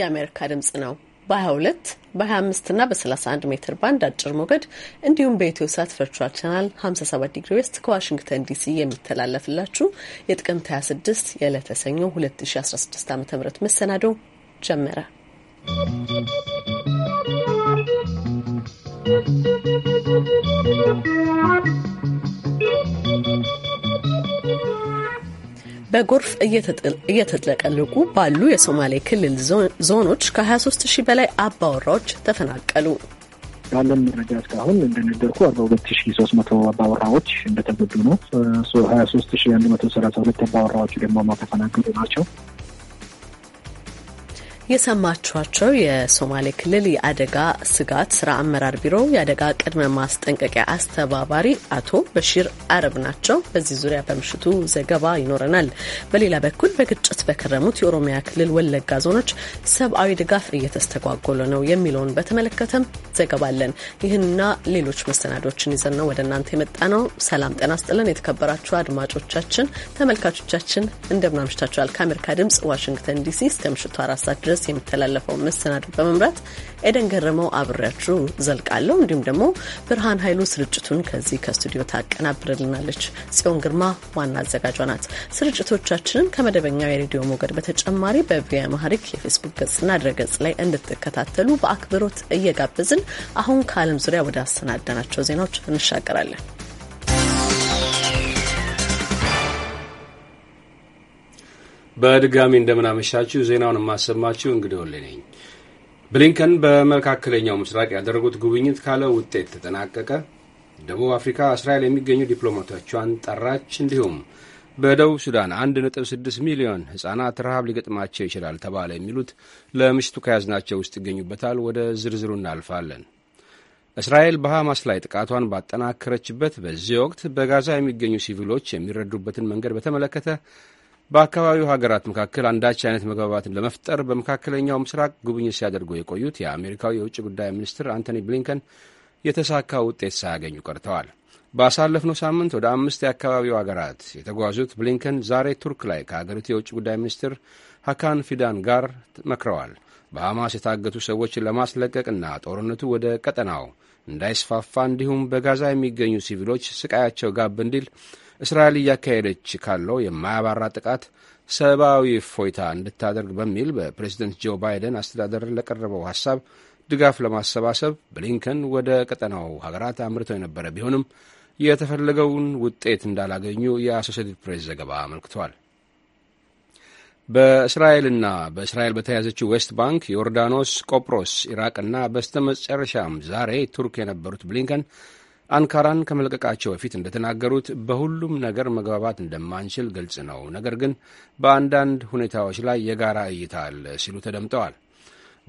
የአሜሪካ ድምጽ ነው። በ22 በ25 እና በ31 ሜትር ባንድ አጭር ሞገድ እንዲሁም በኢትዮ ሳት ቨርቹዋል ቻናል 57 ዲግሪ ዌስት ከዋሽንግተን ዲሲ የሚተላለፍላችሁ የጥቅምት 26 የዕለተ ሰኞ 2016 ዓ ም መሰናዶ ጀመረ። ¶¶ በጎርፍ እየተጥለቀለቁ ባሉ የሶማሌ ክልል ዞኖች ከ23 ሺህ በላይ አባወራዎች ተፈናቀሉ። ባለን መረጃ እስካሁን እንደነገርኩ አርባ ሁለት ሺ ሶስት መቶ አባወራዎች እንደተጎዱ ነው። ሀያ ሶስት ሺ አንድ መቶ ሰላሳ ሁለት አባወራዎች ደግሞ ተፈናቀሉ ናቸው። የሰማችኋቸው የሶማሌ ክልል የአደጋ ስጋት ስራ አመራር ቢሮ የአደጋ ቅድመ ማስጠንቀቂያ አስተባባሪ አቶ በሺር አረብ ናቸው። በዚህ ዙሪያ በምሽቱ ዘገባ ይኖረናል። በሌላ በኩል በግጭት በከረሙት የኦሮሚያ ክልል ወለጋ ዞኖች ሰብአዊ ድጋፍ እየተስተጓጎለ ነው የሚለውን በተመለከተም ዘገባ አለን። ይህንና ሌሎች መሰናዶችን ይዘን ነው ወደ እናንተ የመጣ ነው። ሰላም ጤና ስጥልን። የተከበራችሁ አድማጮቻችን፣ ተመልካቾቻችን እንደምናምሽታችኋል። ከአሜሪካ ድምጽ ዋሽንግተን ዲሲ እስከ ምሽቱ አራት ሰዓት ድረስ ድረስ የሚተላለፈውን መሰናዶ በመምራት ኤደን ገረመው አብሬያችሁ ዘልቃለሁ። እንዲሁም ደግሞ ብርሃን ኃይሉ ስርጭቱን ከዚህ ከስቱዲዮ ታቀናብርልናለች። ጽዮን ግርማ ዋና አዘጋጇ ናት። ስርጭቶቻችንን ከመደበኛው የሬዲዮ ሞገድ በተጨማሪ በቪያ ማህሪክ የፌስቡክ ገጽና ድረገጽ ላይ እንድትከታተሉ በአክብሮት እየጋበዝን አሁን ከዓለም ዙሪያ ወደ አሰናዳናቸው ዜናዎች እንሻገራለን። በድጋሚ እንደምናመሻችሁ ዜናውን የማሰማችሁ እንግዲህ ወሌ ነኝ። ብሊንከን በመካከለኛው ምስራቅ ያደረጉት ጉብኝት ካለ ውጤት ተጠናቀቀ፣ ደቡብ አፍሪካ እስራኤል የሚገኙ ዲፕሎማቶቿን ጠራች፣ እንዲሁም በደቡብ ሱዳን 1.6 ሚሊዮን ሕጻናት ረሃብ ሊገጥማቸው ይችላል ተባለ፣ የሚሉት ለምሽቱ ከያዝናቸው ውስጥ ይገኙበታል። ወደ ዝርዝሩ እናልፋለን። እስራኤል በሐማስ ላይ ጥቃቷን ባጠናከረችበት በዚህ ወቅት በጋዛ የሚገኙ ሲቪሎች የሚረዱበትን መንገድ በተመለከተ በአካባቢው ሀገራት መካከል አንዳች አይነት መግባባትን ለመፍጠር በመካከለኛው ምስራቅ ጉብኝት ሲያደርጉ የቆዩት የአሜሪካው የውጭ ጉዳይ ሚኒስትር አንቶኒ ብሊንከን የተሳካ ውጤት ሳያገኙ ቀርተዋል። ባሳለፍነው ሳምንት ወደ አምስት የአካባቢው ሀገራት የተጓዙት ብሊንከን ዛሬ ቱርክ ላይ ከሀገሪቱ የውጭ ጉዳይ ሚኒስትር ሀካን ፊዳን ጋር መክረዋል። በሐማስ የታገቱ ሰዎችን ለማስለቀቅና ጦርነቱ ወደ ቀጠናው እንዳይስፋፋ እንዲሁም በጋዛ የሚገኙ ሲቪሎች ስቃያቸው ጋብ እንዲል እስራኤል እያካሄደች ካለው የማያባራ ጥቃት ሰብአዊ እፎይታ እንድታደርግ በሚል በፕሬዝደንት ጆ ባይደን አስተዳደር ለቀረበው ሀሳብ ድጋፍ ለማሰባሰብ ብሊንከን ወደ ቀጠናው ሀገራት አምርተው የነበረ ቢሆንም የተፈለገውን ውጤት እንዳላገኙ የአሶሴትድ ፕሬስ ዘገባ አመልክቷል። በእስራኤልና በእስራኤል በተያዘችው ዌስት ባንክ፣ ዮርዳኖስ፣ ቆጵሮስ፣ ኢራቅና በስተመጨረሻም ዛሬ ቱርክ የነበሩት ብሊንከን አንካራን ከመልቀቃቸው በፊት እንደተናገሩት በሁሉም ነገር መግባባት እንደማንችል ግልጽ ነው፣ ነገር ግን በአንዳንድ ሁኔታዎች ላይ የጋራ እይታ አለ ሲሉ ተደምጠዋል።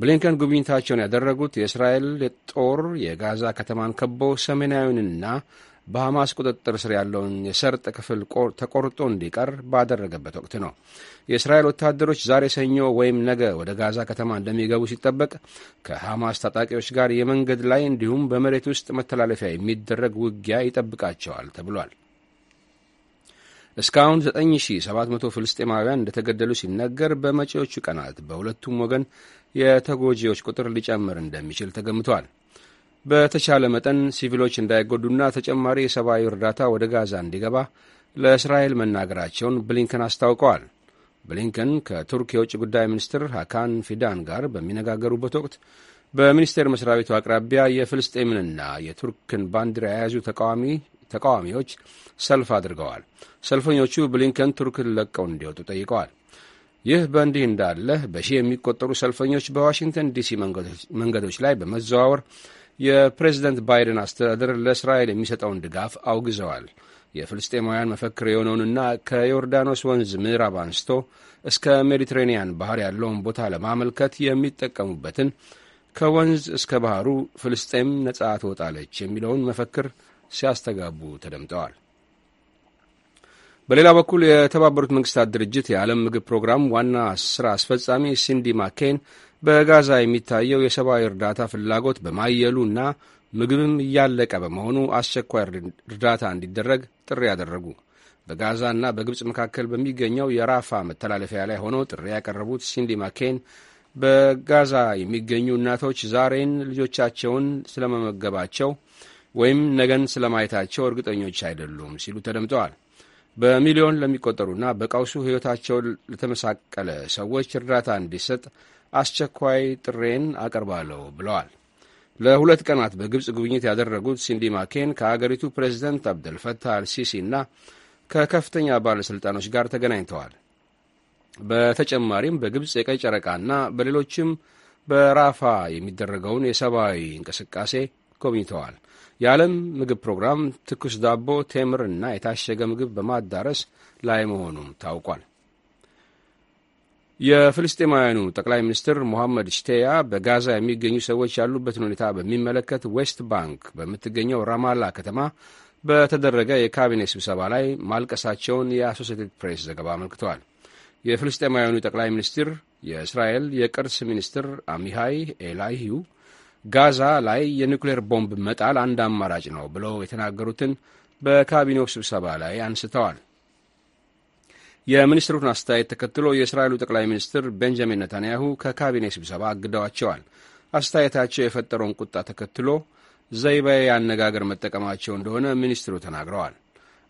ብሊንከን ጉብኝታቸውን ያደረጉት የእስራኤል ጦር የጋዛ ከተማን ከቦ ሰሜናዊውንና በሐማስ ቁጥጥር ስር ያለውን የሰርጥ ክፍል ተቆርጦ እንዲቀር ባደረገበት ወቅት ነው። የእስራኤል ወታደሮች ዛሬ ሰኞ ወይም ነገ ወደ ጋዛ ከተማ እንደሚገቡ ሲጠበቅ ከሐማስ ታጣቂዎች ጋር የመንገድ ላይ እንዲሁም በመሬት ውስጥ መተላለፊያ የሚደረግ ውጊያ ይጠብቃቸዋል ተብሏል። እስካሁን 9700 ፍልስጤማውያን እንደተገደሉ ሲነገር በመጪዎቹ ቀናት በሁለቱም ወገን የተጎጂዎች ቁጥር ሊጨምር እንደሚችል ተገምቷል። በተቻለ መጠን ሲቪሎች እንዳይጎዱና ተጨማሪ የሰብአዊ እርዳታ ወደ ጋዛ እንዲገባ ለእስራኤል መናገራቸውን ብሊንከን አስታውቀዋል። ብሊንከን ከቱርክ የውጭ ጉዳይ ሚኒስትር ሀካን ፊዳን ጋር በሚነጋገሩበት ወቅት በሚኒስቴር መስሪያ ቤቱ አቅራቢያ የፍልስጤምንና የቱርክን ባንዲራ የያዙ ተቃዋሚዎች ሰልፍ አድርገዋል። ሰልፈኞቹ ብሊንከን ቱርክን ለቀው እንዲወጡ ጠይቀዋል። ይህ በእንዲህ እንዳለ በሺህ የሚቆጠሩ ሰልፈኞች በዋሽንግተን ዲሲ መንገዶች ላይ በመዘዋወር የፕሬዝደንት ባይደን አስተዳደር ለእስራኤል የሚሰጠውን ድጋፍ አውግዘዋል። የፍልስጤማውያን መፈክር የሆነውንና ከዮርዳኖስ ወንዝ ምዕራብ አንስቶ እስከ ሜዲትሬንያን ባህር ያለውን ቦታ ለማመልከት የሚጠቀሙበትን ከወንዝ እስከ ባህሩ ፍልስጤም ነጻ ትወጣለች የሚለውን መፈክር ሲያስተጋቡ ተደምጠዋል። በሌላ በኩል የተባበሩት መንግስታት ድርጅት የዓለም ምግብ ፕሮግራም ዋና ስራ አስፈጻሚ ሲንዲ ማኬን በጋዛ የሚታየው የሰብአዊ እርዳታ ፍላጎት በማየሉ እና ምግብም እያለቀ በመሆኑ አስቸኳይ እርዳታ እንዲደረግ ጥሪ ያደረጉ በጋዛና በግብፅ መካከል በሚገኘው የራፋ መተላለፊያ ላይ ሆነው ጥሪ ያቀረቡት ሲንዲ ማኬን በጋዛ የሚገኙ እናቶች ዛሬን ልጆቻቸውን ስለመመገባቸው ወይም ነገን ስለማየታቸው እርግጠኞች አይደሉም ሲሉ ተደምጠዋል። በሚሊዮን ለሚቆጠሩና በቀውሱ ሕይወታቸውን ለተመሳቀለ ሰዎች እርዳታ እንዲሰጥ አስቸኳይ ጥሬን አቀርባለሁ ብለዋል። ለሁለት ቀናት በግብፅ ጉብኝት ያደረጉት ሲንዲ ማኬን ከአገሪቱ ፕሬዚደንት አብደልፈታህ አልሲሲ እና ከከፍተኛ ባለሥልጣኖች ጋር ተገናኝተዋል። በተጨማሪም በግብፅ የቀይ ጨረቃና በሌሎችም በራፋ የሚደረገውን የሰብአዊ እንቅስቃሴ ጎብኝተዋል። የዓለም ምግብ ፕሮግራም ትኩስ ዳቦ፣ ቴምር እና የታሸገ ምግብ በማዳረስ ላይ መሆኑም ታውቋል። የፍልስጤማውያኑ ጠቅላይ ሚኒስትር ሞሐመድ ሽቴያ በጋዛ የሚገኙ ሰዎች ያሉበትን ሁኔታ በሚመለከት ዌስት ባንክ በምትገኘው ራማላ ከተማ በተደረገ የካቢኔ ስብሰባ ላይ ማልቀሳቸውን የአሶሴትድ ፕሬስ ዘገባ አመልክተዋል። የፍልስጤማውያኑ ጠቅላይ ሚኒስትር የእስራኤል የቅርስ ሚኒስትር አሚሃይ ኤላይሁ ጋዛ ላይ የኒኩሌር ቦምብ መጣል አንድ አማራጭ ነው ብለው የተናገሩትን በካቢኔው ስብሰባ ላይ አንስተዋል። የሚኒስትሩን አስተያየት ተከትሎ የእስራኤሉ ጠቅላይ ሚኒስትር ቤንጃሚን ነታንያሁ ከካቢኔ ስብሰባ አግደዋቸዋል። አስተያየታቸው የፈጠረውን ቁጣ ተከትሎ ዘይቤያዊ አነጋገር መጠቀማቸው እንደሆነ ሚኒስትሩ ተናግረዋል።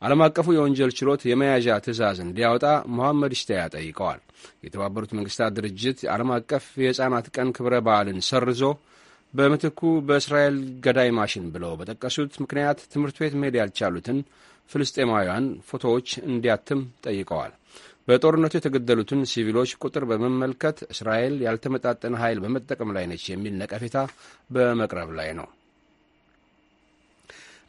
ዓለም አቀፉ የወንጀል ችሎት የመያዣ ትዕዛዝ እንዲያወጣ መሐመድ ሽታያ ጠይቀዋል። የተባበሩት መንግስታት ድርጅት ዓለም አቀፍ የሕፃናት ቀን ክብረ በዓልን ሰርዞ በምትኩ በእስራኤል ገዳይ ማሽን ብለው በጠቀሱት ምክንያት ትምህርት ቤት መሄድ ያልቻሉትን ፍልስጤማውያን ፎቶዎች እንዲያትም ጠይቀዋል። በጦርነቱ የተገደሉትን ሲቪሎች ቁጥር በመመልከት እስራኤል ያልተመጣጠነ ኃይል በመጠቀም ላይ ነች የሚል ነቀፌታ በመቅረብ ላይ ነው።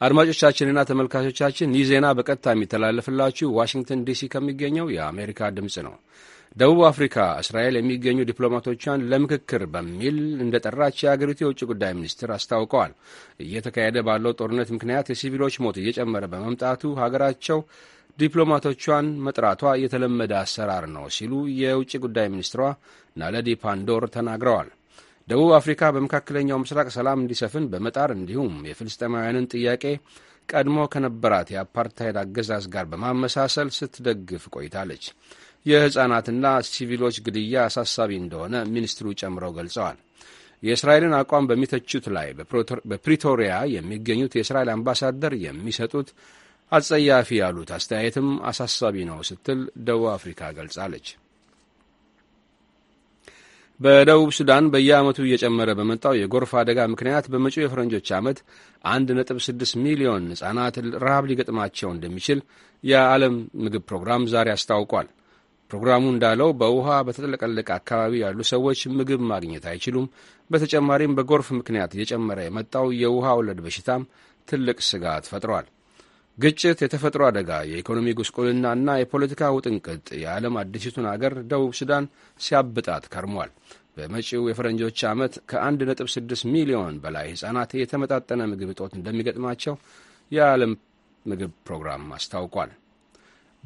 አድማጮቻችንና ተመልካቾቻችን ይህ ዜና በቀጥታ የሚተላለፍላችሁ ዋሽንግተን ዲሲ ከሚገኘው የአሜሪካ ድምፅ ነው። ደቡብ አፍሪካ እስራኤል የሚገኙ ዲፕሎማቶቿን ለምክክር በሚል እንደ ጠራች የአገሪቱ የውጭ ጉዳይ ሚኒስትር አስታውቀዋል። እየተካሄደ ባለው ጦርነት ምክንያት የሲቪሎች ሞት እየጨመረ በመምጣቱ ሀገራቸው ዲፕሎማቶቿን መጥራቷ የተለመደ አሰራር ነው ሲሉ የውጭ ጉዳይ ሚኒስትሯ ናለዲ ፓንዶር ተናግረዋል። ደቡብ አፍሪካ በመካከለኛው ምስራቅ ሰላም እንዲሰፍን በመጣር እንዲሁም የፍልስጤማውያንን ጥያቄ ቀድሞ ከነበራት የአፓርታይድ አገዛዝ ጋር በማመሳሰል ስትደግፍ ቆይታለች። የሕፃናትና ሲቪሎች ግድያ አሳሳቢ እንደሆነ ሚኒስትሩ ጨምረው ገልጸዋል። የእስራኤልን አቋም በሚተቹት ላይ በፕሪቶሪያ የሚገኙት የእስራኤል አምባሳደር የሚሰጡት አጸያፊ ያሉት አስተያየትም አሳሳቢ ነው ስትል ደቡብ አፍሪካ ገልጻለች። በደቡብ ሱዳን በየዓመቱ እየጨመረ በመጣው የጎርፍ አደጋ ምክንያት በመጪው የፈረንጆች ዓመት 1.6 ሚሊዮን ሕፃናት ረሃብ ሊገጥማቸው እንደሚችል የዓለም ምግብ ፕሮግራም ዛሬ አስታውቋል። ፕሮግራሙ እንዳለው በውሃ በተጠለቀለቀ አካባቢ ያሉ ሰዎች ምግብ ማግኘት አይችሉም። በተጨማሪም በጎርፍ ምክንያት እየጨመረ የመጣው የውሃ ወለድ በሽታም ትልቅ ስጋት ፈጥሯል። ግጭት፣ የተፈጥሮ አደጋ፣ የኢኮኖሚ ጉስቁልና እና የፖለቲካ ውጥንቅጥ የዓለም አዲሲቱን አገር ደቡብ ሱዳን ሲያብጣት ከርሟል። በመጪው የፈረንጆች ዓመት ከ1.6 ሚሊዮን በላይ ሕፃናት የተመጣጠነ ምግብ እጦት እንደሚገጥማቸው የዓለም ምግብ ፕሮግራም አስታውቋል።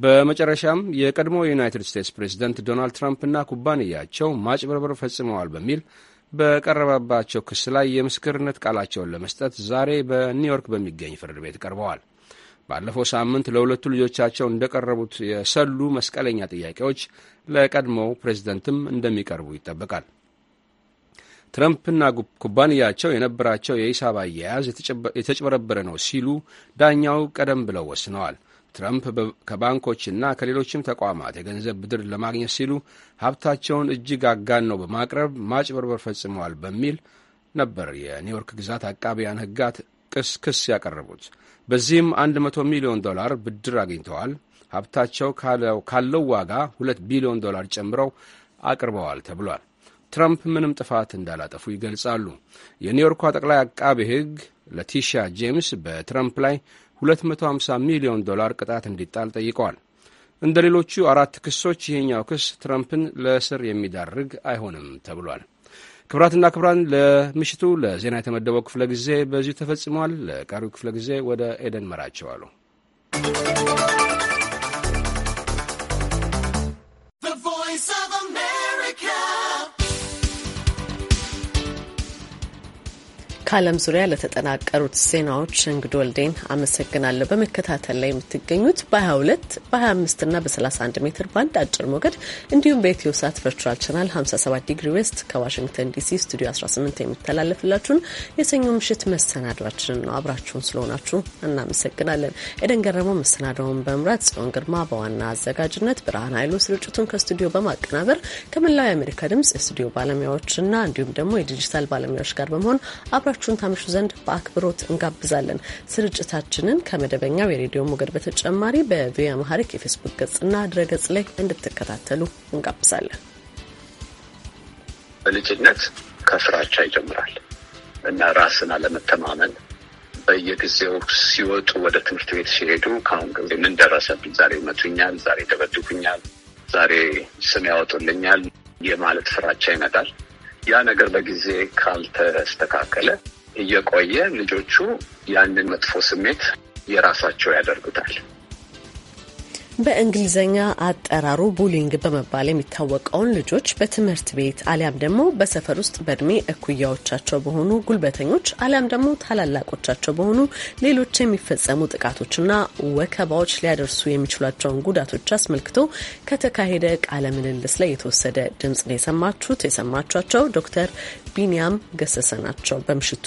በመጨረሻም የቀድሞ የዩናይትድ ስቴትስ ፕሬዝደንት ዶናልድ ትራምፕና ኩባንያቸው ማጭበርበር ፈጽመዋል በሚል በቀረበባቸው ክስ ላይ የምስክርነት ቃላቸውን ለመስጠት ዛሬ በኒውዮርክ በሚገኝ ፍርድ ቤት ቀርበዋል። ባለፈው ሳምንት ለሁለቱ ልጆቻቸው እንደቀረቡት የሰሉ መስቀለኛ ጥያቄዎች ለቀድሞው ፕሬዝደንትም እንደሚቀርቡ ይጠበቃል። ትረምፕና ኩባንያቸው የነበራቸው የሂሳብ አያያዝ የተጭበረበረ ነው ሲሉ ዳኛው ቀደም ብለው ወስነዋል። ትራምፕ ከባንኮችና ከሌሎችም ተቋማት የገንዘብ ብድር ለማግኘት ሲሉ ሀብታቸውን እጅግ አጋነው በማቅረብ ማጭበርበር ፈጽመዋል በሚል ነበር የኒውዮርክ ግዛት አቃቢያን ሕጋት ክስ ያቀረቡት። በዚህም 100 ሚሊዮን ዶላር ብድር አግኝተዋል። ሀብታቸው ካለው ዋጋ 2 ቢሊዮን ዶላር ጨምረው አቅርበዋል ተብሏል። ትራምፕ ምንም ጥፋት እንዳላጠፉ ይገልጻሉ። የኒውዮርኳ ጠቅላይ አቃቢ ሕግ ለቲሻ ጄምስ በትራምፕ ላይ 250 ሚሊዮን ዶላር ቅጣት እንዲጣል ጠይቀዋል። እንደ ሌሎቹ አራት ክሶች ይህኛው ክስ ትረምፕን ለእስር የሚዳርግ አይሆንም ተብሏል። ክብራትና ክብራን ለምሽቱ ለዜና የተመደበው ክፍለ ጊዜ በዚሁ ተፈጽሟል። ለቀሪው ክፍለ ጊዜ ወደ ኤደን መራቸዋሉ። ከዓለም ዙሪያ ለተጠናቀሩት ዜናዎች እንግዶ ወልዴን አመሰግናለሁ። በመከታተል ላይ የምትገኙት በ22 በ25 እና በ31 ሜትር ባንድ አጭር ሞገድ እንዲሁም በኢትዮ ሳት ቨርቹዋል ቻናል 57 ዲግሪ ዌስት ከዋሽንግተን ዲሲ ስቱዲዮ 18 የሚተላለፍላችሁን የሰኞ ምሽት መሰናዷችንን ነው። አብራችሁን ስለሆናችሁ እናመሰግናለን። ኤደን ገረመው መሰናዳውን በመምራት ጽዮን ግርማ በዋና አዘጋጅነት፣ ብርሃን ኃይሉ ስርጭቱን ከስቱዲዮ በማቀናበር ከመላው የአሜሪካ ድምጽ የስቱዲዮ ባለሙያዎችና እንዲሁም ደግሞ የዲጂታል ባለሙያዎች ጋር በመሆን አብራችሁ አብራችሁን ታምሹ ዘንድ በአክብሮት እንጋብዛለን። ስርጭታችንን ከመደበኛው የሬዲዮ ሞገድ በተጨማሪ በቪኦኤ አማሪክ የፌስቡክ ገጽና ድረገጽ ላይ እንድትከታተሉ እንጋብዛለን። በልጅነት ከፍራቻ ይጀምራል እና ራስን አለመተማመን በየጊዜው ሲወጡ ወደ ትምህርት ቤት ሲሄዱ ከአሁን ጊዜ ምን ደረሰብኝ፣ ዛሬ መቱኛል፣ ዛሬ ይደበድቡኛል፣ ዛሬ ስም ያወጡልኛል የማለት ፍራቻ ይመጣል። ያ ነገር በጊዜ ካልተስተካከለ እየቆየ ልጆቹ ያንን መጥፎ ስሜት የራሳቸው ያደርጉታል። በእንግሊዝኛ አጠራሩ ቡሊንግ በመባል የሚታወቀውን ልጆች በትምህርት ቤት አሊያም ደግሞ በሰፈር ውስጥ በእድሜ እኩያዎቻቸው በሆኑ ጉልበተኞች አሊያም ደግሞ ታላላቆቻቸው በሆኑ ሌሎች የሚፈጸሙ ጥቃቶችና ወከባዎች ሊያደርሱ የሚችሏቸውን ጉዳቶች አስመልክቶ ከተካሄደ ቃለ ምልልስ ላይ የተወሰደ ድምጽ ነው የሰማችሁት። የሰማችኋቸው ዶክተር ቢንያም ገሰሰ ናቸው። በምሽቱ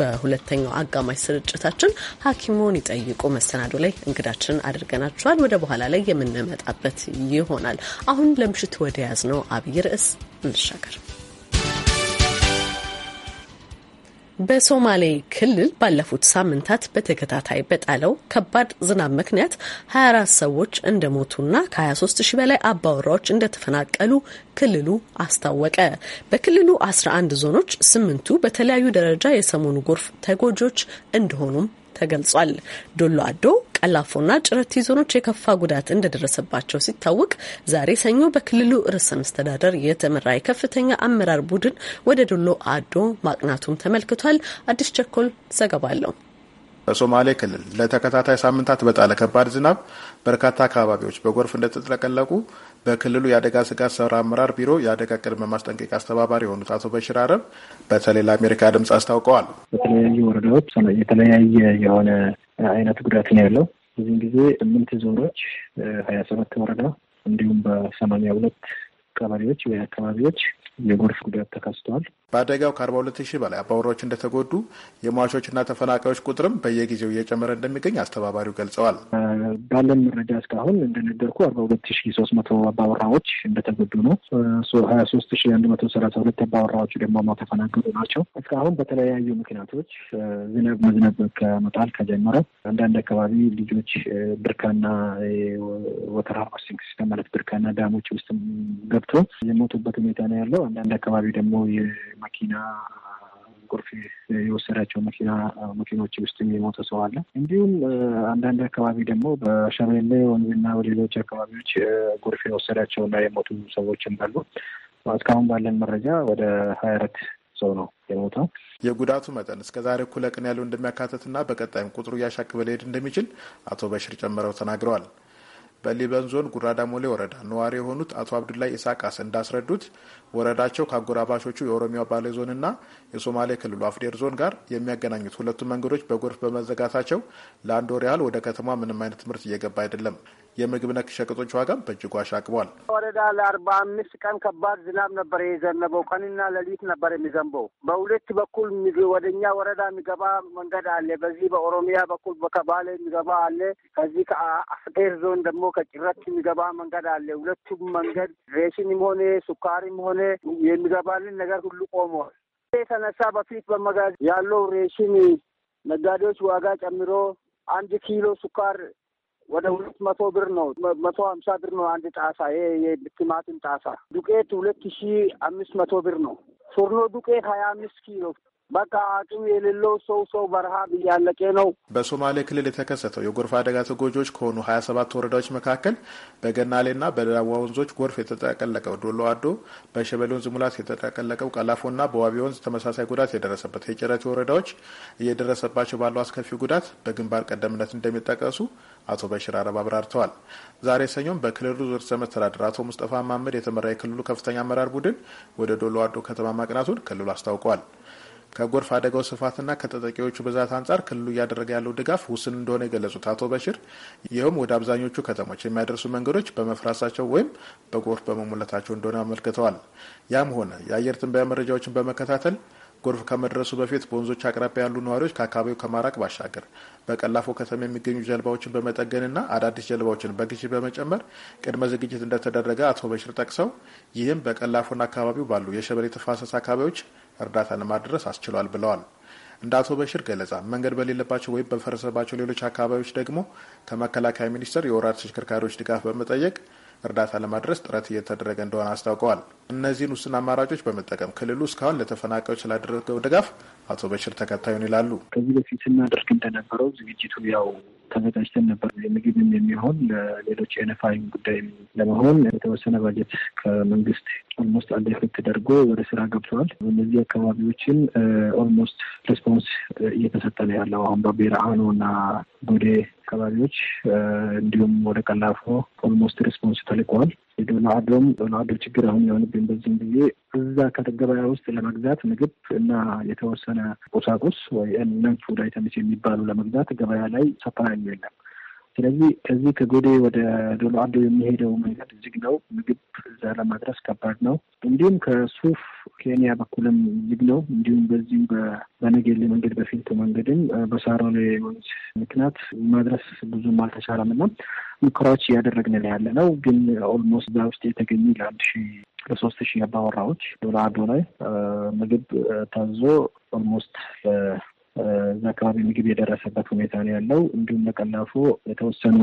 በሁለተኛው አጋማሽ ስርጭታችን ሐኪሞን ይጠይቁ መሰናዶ ላይ እንግዳችንን አድርገናችኋል። ወደ በኋላ ላይ የምንመጣበት ይሆናል። አሁን ለምሽት ወደ ያዝ ነው አብይ ርዕስ እንሻገር። በሶማሌ ክልል ባለፉት ሳምንታት በተከታታይ በጣለው ከባድ ዝናብ ምክንያት 24 ሰዎች እንደሞቱና ከ23 ሺ በላይ አባወራዎች እንደተፈናቀሉ ክልሉ አስታወቀ። በክልሉ 11 ዞኖች ስምንቱ በተለያዩ ደረጃ የሰሞኑ ጎርፍ ተጎጂዎች እንደሆኑም ተገልጿል። ዶሎ አዶ፣ ቀላፎና ጭረቲ ዞኖች የከፋ ጉዳት እንደደረሰባቸው ሲታወቅ ዛሬ ሰኞ በክልሉ ርዕሰ መስተዳደር የተመራ የከፍተኛ አመራር ቡድን ወደ ዶሎ አዶ ማቅናቱም ተመልክቷል። አዲስ ቸኮል ዘገባ አለው። በሶማሌ ክልል ለተከታታይ ሳምንታት በጣለ ከባድ ዝናብ በርካታ አካባቢዎች በጎርፍ እንደተጥለቀለቁ በክልሉ የአደጋ ስጋት ስራ አመራር ቢሮ የአደጋ ቅድመ ማስጠንቀቂያ አስተባባሪ የሆኑት አቶ በሽር አረብ በተለይ ለአሜሪካ ድምፅ አስታውቀዋል። በተለያዩ ወረዳዎች የተለያየ የሆነ አይነት ጉዳት ነው ያለው። በዚህም ጊዜ ስምንት ዞኖች ሀያ ሰባት ወረዳ እንዲሁም በሰማኒያ ሁለት ቀበሌዎች ወይ አካባቢዎች የጎርፍ ጉዳት ተከስተዋል። በአደጋው ከ42 ሺህ በላይ አባወራዎች እንደተጎዱ የሟቾችና ተፈናቃዮች ቁጥርም በየጊዜው እየጨመረ እንደሚገኝ አስተባባሪው ገልጸዋል። ባለን መረጃ እስካሁን እንደነገርኩ 42 ሺህ አባወራዎች እንደተጎዱ ነው። 23 ሺህ 132 አባወራዎቹ ደግሞ ተፈናቀሉ ናቸው። እስካሁን በተለያዩ ምክንያቶች ዝናብ መዝነብ ከመጣል ከጀመረ አንዳንድ አካባቢ ልጆች ብርከና ወተር ሃርቨስቲንግ ሲስተም ማለት ብርከና ዳሞች ውስጥ ገብቶ የሞቱበት ሁኔታ ነው ያለው። አንዳንድ አካባቢ ደግሞ መኪና ጎርፍ የወሰዳቸው መኪና መኪኖች ውስጥ የሞተ ሰው አለ። እንዲሁም አንዳንድ አካባቢ ደግሞ በሸበሌ ወንዝና በሌሎች አካባቢዎች ጎርፍ የወሰዳቸው እና የሞቱ ሰዎች እንዳሉ እስካሁን ባለን መረጃ ወደ ሀያ አራት ሰው ነው የሞተው። የጉዳቱ መጠን እስከ ዛሬ እኩለ ቀን ያለው እንደሚያካትትና በቀጣይም ቁጥሩ እያሻቀበ ሊሄድ እንደሚችል አቶ በሽር ጨምረው ተናግረዋል። በሊበን ዞን ጉራዳሞሌ ወረዳ ነዋሪ የሆኑት አቶ አብዱላይ ኢሳቃስ እንዳስረዱት ወረዳቸው ከአጎራባሾቹ የኦሮሚያ ባሌ ዞንና የሶማሌ ክልሉ አፍዴር ዞን ጋር የሚያገናኙት ሁለቱ መንገዶች በጎርፍ በመዘጋታቸው ለአንድ ወር ያህል ወደ ከተማ ምንም አይነት ትምህርት እየገባ አይደለም። የምግብ ነክ ሸቀጦች ዋጋም በእጅጉ አሻቅቧል። ወረዳ ለአርባ አምስት ቀን ከባድ ዝናብ ነበር የዘነበው። ቀንና ሌሊት ነበር የሚዘንበው። በሁለት በኩል ወደኛ ወረዳ የሚገባ መንገድ አለ። በዚህ በኦሮሚያ በኩል በከባለ የሚገባ አለ። ከዚህ ከአፍቴር ዞን ደግሞ ከጭረት የሚገባ መንገድ አለ። ሁለቱም መንገድ ሬሽንም ሆነ ሱካሪም ሆነ የሚገባልን ነገር ሁሉ ቆሟል። የተነሳ በፊት በመጋዝ ያለው ሬሽን ነጋዴዎች ዋጋ ጨምሮ አንድ ኪሎ ሱካር ወደ ሁለት መቶ ብር ነው መቶ ሀምሳ ብር ነው አንድ ጣሳ። ይሄ ጣሳ ዱቄት ሁለት ሺ አምስት መቶ ብር ነው። ፉርኖ ዱቄት ሀያ አምስት ኪሎ በቃ አቅም የሌለው ሰው ሰው በረሃብ እያለቀ ነው። በሶማሌ ክልል የተከሰተው የጎርፍ አደጋ ተጎጂዎች ከሆኑ ሀያ ሰባት ወረዳዎች መካከል በገናሌና በዳዋ ወንዞች ጎርፍ የተጠቀለቀው ዶሎ አዶ፣ በሸበሌ ወንዝ ሙላት የተጠቀለቀው ቀላፎና በዋቢ ወንዝ ተመሳሳይ ጉዳት የደረሰበት የጭረቲ ወረዳዎች እየደረሰባቸው ባለው አስከፊ ጉዳት በግንባር ቀደምነት እንደሚጠቀሱ አቶ በሽር አረብ አብራርተዋል። ዛሬ ሰኞም በክልሉ ርዕሰ መስተዳድር አቶ ሙስጠፋ ማመድ የተመራ የክልሉ ከፍተኛ አመራር ቡድን ወደ ዶሎ አዶ ከተማ ማቅናቱን ክልሉ አስታውቋል። ከጎርፍ አደጋው ስፋትና ከተጠቂዎቹ ብዛት አንጻር ክልሉ እያደረገ ያለው ድጋፍ ውስን እንደሆነ የገለጹት አቶ በሽር ይኸውም ወደ አብዛኞቹ ከተሞች የሚያደርሱ መንገዶች በመፍራሳቸው ወይም በጎርፍ በመሞለታቸው እንደሆነ አመልክተዋል። ያም ሆነ የአየር ትንበያ መረጃዎችን በመከታተል ጎርፍ ከመድረሱ በፊት በወንዞች አቅራቢያ ያሉ ነዋሪዎች ከአካባቢው ከማራቅ ባሻገር በቀላፎ ከተማ የሚገኙ ጀልባዎችን በመጠገንና አዳዲስ ጀልባዎችን በግዢ በመጨመር ቅድመ ዝግጅት እንደተደረገ አቶ በሽር ጠቅሰው ይህም በቀላፎና አካባቢው ባሉ የሸበሌ ተፋሰስ አካባቢዎች እርዳታ ለማድረስ አስችሏል ብለዋል። እንደ አቶ በሽር ገለጻ መንገድ በሌለባቸው ወይም በፈረሰባቸው ሌሎች አካባቢዎች ደግሞ ከመከላከያ ሚኒስቴር የወራድ ተሽከርካሪዎች ድጋፍ በመጠየቅ እርዳታ ለማድረስ ጥረት እየተደረገ እንደሆነ አስታውቀዋል። እነዚህን ውስን አማራጮች በመጠቀም ክልሉ እስካሁን ለተፈናቃዮች ስላደረገው ድጋፍ አቶ በሽር ተከታዩን ይላሉ። ከዚህ በፊት ስናደርግ እንደነበረው ዝግጅቱ ያው ተመቻችተን ነበር። የምግብም የሚሆን ለሌሎች ኤንፋይ ጉዳይ ለመሆን የተወሰነ ባጀት ከመንግስት ኦልሞስት አንድ ፍት ተደርጎ ወደ ስራ ገብተዋል። እነዚህ አካባቢዎችን ኦልሞስት ሬስፖንስ እየተሰጠ ነው ያለው አሁን በቤርአኖ እና ጎዴ አካባቢዎች እንዲሁም ወደ ቀላፎ ኦልሞስት ሬስፖንስ ተልቀዋል። የዶናልዶም ዶናልዶ ችግር አሁን የሆንብኝ በዚህም ጊዜ እዛ ከገበያ ውስጥ ለመግዛት ምግብ እና የተወሰነ ቁሳቁስ ወይ ነን ፉድ አይተምስ የሚባሉ ለመግዛት ገበያ ላይ ሰፕላይ የለም። ስለዚህ ከዚህ ከጎዴ ወደ ዶሎ አዶ የሚሄደው መንገድ ዝግ ነው። ምግብ እዛ ለማድረስ ከባድ ነው። እንዲሁም ከሱፍ ኬንያ በኩልም ዝግ ነው። እንዲሁም በዚሁ በነጌሌ መንገድ በፊልቶ መንገድም በሳሮሌ ወንዝ ምክንያት ማድረስ ብዙም አልተቻለም እና ሙከራዎች እያደረግን ያለ ነው። ግን ኦልሞስት እዛ ውስጥ የተገኙ ለአንድ ሺ ለሶስት ሺ አባወራዎች ዶሎ አዶ ላይ ምግብ ታዞ ኦልሞስት እዛ አካባቢ ምግብ የደረሰበት ሁኔታ ነው ያለው። እንዲሁም ለቀላፎ የተወሰኑ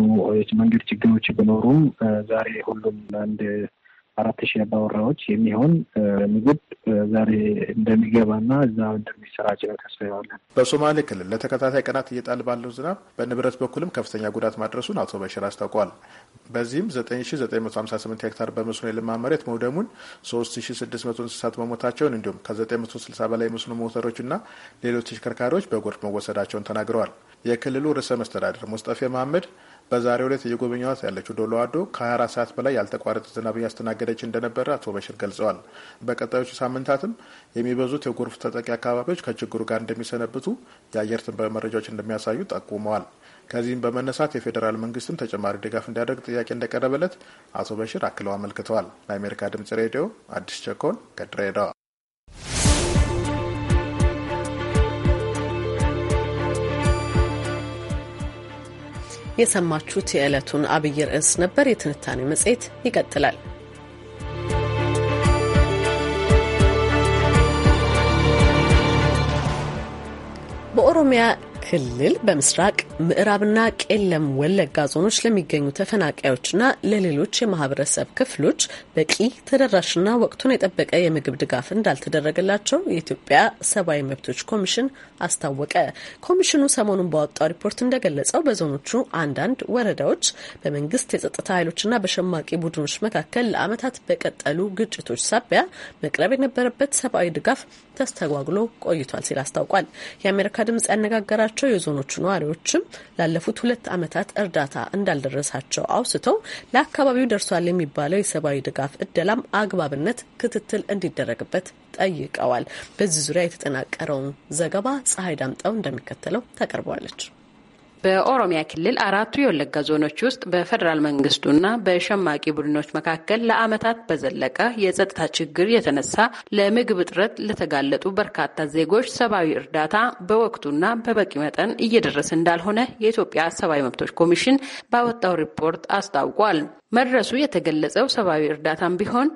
መንገድ ችግሮች ቢኖሩም ዛሬ ሁሉም አንድ አራት ሺህ አባወራዎች የሚሆን ምግብ ዛሬ እንደሚገባና እዛ እንደሚሰራጭ ነው ተስፋ በሶማሌ ክልል ለተከታታይ ቀናት እየጣል ባለው ዝናብ በንብረት በኩልም ከፍተኛ ጉዳት ማድረሱን አቶ በሽር አስታውቋል። በዚህም 9958 ሄክታር በመስኖ የልማ መሬት መውደሙን፣ 3600 እንስሳት መሞታቸውን እንዲሁም ከ960 በላይ የመስኖ ሞተሮችና ሌሎች ተሽከርካሪዎች በጎርፍ መወሰዳቸውን ተናግረዋል። የክልሉ ርዕሰ መስተዳደር ሙስጠፌ መሀመድ በዛሬው ዕለት እየጎበኘዋት ያለችው ዶሎ አዶ ከ24 ሰዓት በላይ ያልተቋረጠ ዝናብ እያስተናገደች እንደነበረ አቶ በሽር ገልጸዋል። በቀጣዮቹ ሳምንታትም የሚበዙት የጎርፍ ተጠቂ አካባቢዎች ከችግሩ ጋር እንደሚሰነብቱ የአየር ትንበያ መረጃዎች እንደሚያሳዩ ጠቁመዋል። ከዚህም በመነሳት የፌዴራል መንግስትም ተጨማሪ ድጋፍ እንዲያደርግ ጥያቄ እንደቀረበለት አቶ በሽር አክለው አመልክተዋል። ለአሜሪካ ድምጽ ሬዲዮ አዲስ ቸኮን ከድሬዳዋ የሰማችሁት የዕለቱን አብይ ርዕስ ነበር። የትንታኔ መጽሔት ይቀጥላል። በኦሮሚያ ክልል በምስራቅ ምዕራብና ቄለም ወለጋ ዞኖች ለሚገኙ ተፈናቃዮችና ለሌሎች የማህበረሰብ ክፍሎች በቂ ተደራሽና ወቅቱን የጠበቀ የምግብ ድጋፍ እንዳልተደረገላቸው የኢትዮጵያ ሰብአዊ መብቶች ኮሚሽን አስታወቀ። ኮሚሽኑ ሰሞኑን ባወጣው ሪፖርት እንደገለጸው በዞኖቹ አንዳንድ ወረዳዎች በመንግስት የጸጥታ ኃይሎችና በሸማቂ ቡድኖች መካከል ለዓመታት በቀጠሉ ግጭቶች ሳቢያ መቅረብ የነበረበት ሰብአዊ ድጋፍ ተስተጓጉሎ ቆይቷል ሲል አስታውቋል። የአሜሪካ ድምጽ ያነጋገራቸው ያላቸው የዞኖቹ ነዋሪዎችም ላለፉት ሁለት ዓመታት እርዳታ እንዳልደረሳቸው አውስተው ለአካባቢው ደርሷል የሚባለው የሰብአዊ ድጋፍ እደላም አግባብነት ክትትል እንዲደረግበት ጠይቀዋል። በዚህ ዙሪያ የተጠናቀረውን ዘገባ ፀሐይ ዳምጠው እንደሚከተለው ታቀርበዋለች። በኦሮሚያ ክልል አራቱ የወለጋ ዞኖች ውስጥ በፌዴራል መንግስቱና በሸማቂ ቡድኖች መካከል ለዓመታት በዘለቀ የጸጥታ ችግር የተነሳ ለምግብ እጥረት ለተጋለጡ በርካታ ዜጎች ሰብአዊ እርዳታ በወቅቱና በበቂ መጠን እየደረሰ እንዳልሆነ የኢትዮጵያ ሰብአዊ መብቶች ኮሚሽን ባወጣው ሪፖርት አስታውቋል። መድረሱ የተገለጸው ሰብአዊ እርዳታም ቢሆን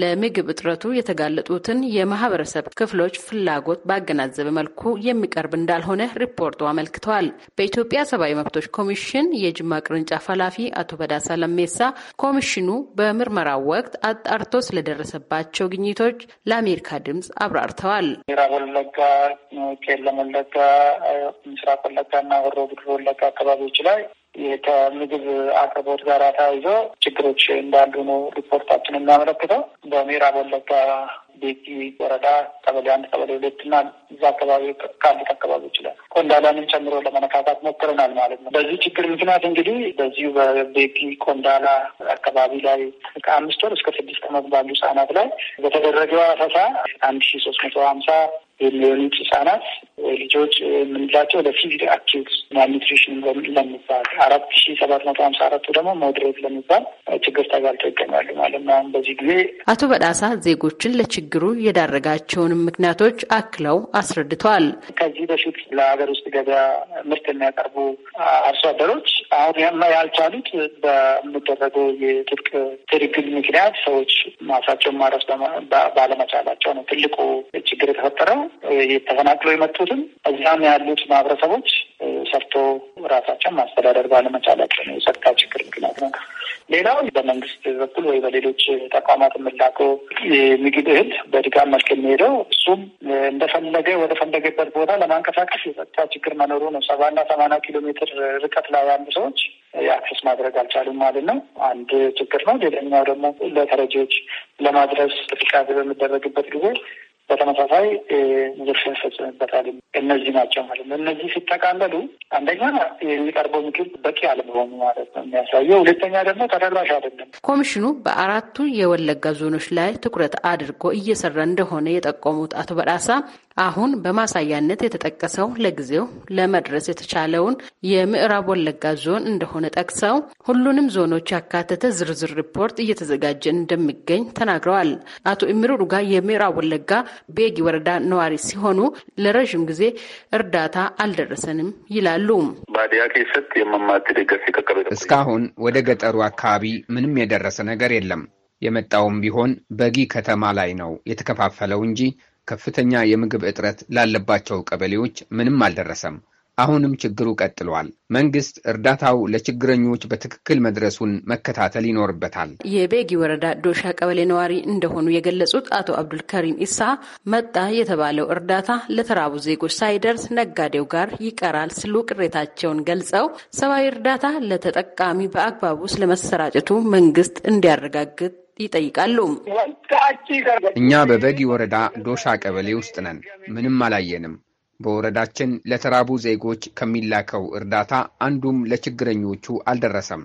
ለምግብ እጥረቱ የተጋለጡትን የማህበረሰብ ክፍሎች ፍላጎት ባገናዘበ መልኩ የሚቀርብ እንዳልሆነ ሪፖርቱ አመልክተዋል። በኢትዮጵያ ሰብአዊ መብቶች ኮሚሽን የጅማ ቅርንጫፍ ኃላፊ አቶ በዳሳ ለሜሳ ኮሚሽኑ በምርመራው ወቅት አጣርቶ ስለደረሰባቸው ግኝቶች ለአሜሪካ ድምፅ አብራርተዋል። ምዕራብ ወለጋ፣ ቄለም ወለጋ፣ ምስራቅ ወለጋ እና ሆሮ ጉዱሩ ወለጋ አካባቢዎች ላይ ከምግብ አቅርቦት ጋር ተያይዞ ችግሮች እንዳሉ ነው ሪፖርታችን የሚያመለክተው። በምዕራብ ወለጋ ቤቲ ወረዳ ቀበሌ አንድ ቀበሌ ሁለት እና እዛ አካባቢ ካሉት አካባቢ ይችላል ቆንዳላንም ጨምሮ ለመነካካት ሞክረናል ማለት ነው። በዚህ ችግር ምክንያት እንግዲህ በዚሁ በቤቲ ቆንዳላ አካባቢ ላይ ከአምስት ወር እስከ ስድስት ዓመት ባሉ ህጻናት ላይ በተደረገው አሰሳ አንድ ሺ ሶስት መቶ ሀምሳ የሚወልድ ህጻናት ልጆች የምንላቸው ለፊልድ አኪዩት ማልኒትሪሽን ለሚባል አራት ሺ ሰባት መቶ ሀምሳ አራቱ ደግሞ ሞድሬት ለሚባል ችግር ተጋልተው ይገኛሉ ማለት ነው። አሁን በዚህ ጊዜ አቶ በዳሳ ዜጎችን ለችግሩ የዳረጋቸውን ምክንያቶች አክለው አስረድተዋል። ከዚህ በፊት ለሀገር ውስጥ ገበያ ምርት የሚያቀርቡ አርሶ አደሮች አሁን ያልቻሉት በምደረገው የትጥቅ ትግል ምክንያት ሰዎች ማሳቸውን ማረስ ባለመቻላቸው ነው ትልቁ ችግር የተፈጠረው። ተፈናቅለው የመጡትም እዚያም ያሉት ማህበረሰቦች ሰርቶ ራሳቸውን ማስተዳደር ባለመቻላቸው ነው የጸጥታ ችግር ምክንያት ነው። ሌላው በመንግስት በኩል ወይ በሌሎች ተቋማት የምላከው የምግብ እህል በድጋም መልክ የሚሄደው እሱም እንደፈለገ ወደ ፈለገበት ቦታ ለማንቀሳቀስ የጸጥታ ችግር መኖሩ ነው። ሰባና ሰማንያ ኪሎ ሜትር ርቀት ላይ ያሉ ሰዎች የአክሰስ ማድረግ አልቻሉም ማለት ነው። አንድ ችግር ነው። ሌላኛው ደግሞ ለተረጂዎች ለማድረስ ጥንቃቄ በሚደረግበት ጊዜ በተመሳሳይ ኢንጀክሽን ይፈጽምበታል። እነዚህ ናቸው ማለት ነው። እነዚህ ሲጠቃለሉ አንደኛ የሚቀርበው ምግብ በቂ አለመሆኑ ማለት ነው የሚያሳየው፣ ሁለተኛ ደግሞ ተደራሽ አይደለም። ኮሚሽኑ በአራቱ የወለጋ ዞኖች ላይ ትኩረት አድርጎ እየሰራ እንደሆነ የጠቆሙት አቶ በዳሳ አሁን በማሳያነት የተጠቀሰው ለጊዜው ለመድረስ የተቻለውን የምዕራብ ወለጋ ዞን እንደሆነ ጠቅሰው ሁሉንም ዞኖች ያካተተ ዝርዝር ሪፖርት እየተዘጋጀ እንደሚገኝ ተናግረዋል። አቶ ኢሚሩ ዱጋ የምዕራብ ወለጋ ቤጊ ወረዳ ነዋሪ ሲሆኑ ለረዥም ጊዜ እርዳታ አልደረሰንም ይላሉ። እስካሁን ወደ ገጠሩ አካባቢ ምንም የደረሰ ነገር የለም። የመጣውም ቢሆን በጊ ከተማ ላይ ነው የተከፋፈለው እንጂ ከፍተኛ የምግብ እጥረት ላለባቸው ቀበሌዎች ምንም አልደረሰም። አሁንም ችግሩ ቀጥሏል። መንግስት እርዳታው ለችግረኞች በትክክል መድረሱን መከታተል ይኖርበታል። የቤጊ ወረዳ ዶሻ ቀበሌ ነዋሪ እንደሆኑ የገለጹት አቶ አብዱልከሪም ኢሳ መጣ የተባለው እርዳታ ለተራቡ ዜጎች ሳይደርስ ነጋዴው ጋር ይቀራል ስሉ ቅሬታቸውን ገልጸው ሰብአዊ እርዳታ ለተጠቃሚ በአግባቡ ስለመሰራጨቱ መንግስት እንዲያረጋግጥ ይጠይቃሉ። እኛ በበጊ ወረዳ ዶሻ ቀበሌ ውስጥ ነን። ምንም አላየንም። በወረዳችን ለተራቡ ዜጎች ከሚላከው እርዳታ አንዱም ለችግረኞቹ አልደረሰም።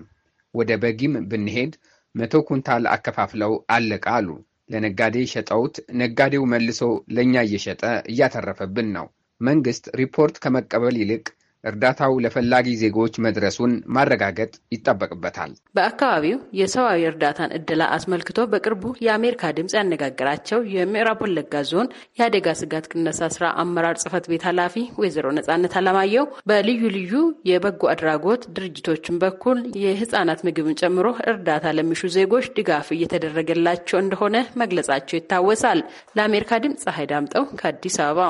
ወደ በጊም ብንሄድ መቶ ኩንታል አከፋፍለው አለቀ አሉ። ለነጋዴ ሸጠውት ነጋዴው መልሶ ለእኛ እየሸጠ እያተረፈብን ነው። መንግስት ሪፖርት ከመቀበል ይልቅ እርዳታው ለፈላጊ ዜጎች መድረሱን ማረጋገጥ ይጠበቅበታል። በአካባቢው የሰብአዊ እርዳታን እድላ አስመልክቶ በቅርቡ የአሜሪካ ድምፅ ያነጋገራቸው የምዕራብ ወለጋ ዞን የአደጋ ስጋት ቅነሳ ስራ አመራር ጽህፈት ቤት ኃላፊ ወይዘሮ ነጻነት አለማየሁ በልዩ ልዩ የበጎ አድራጎት ድርጅቶችን በኩል የህጻናት ምግብን ጨምሮ እርዳታ ለሚሹ ዜጎች ድጋፍ እየተደረገላቸው እንደሆነ መግለጻቸው ይታወሳል። ለአሜሪካ ድምፅ ፀሐይ ዳምጠው ከአዲስ አበባ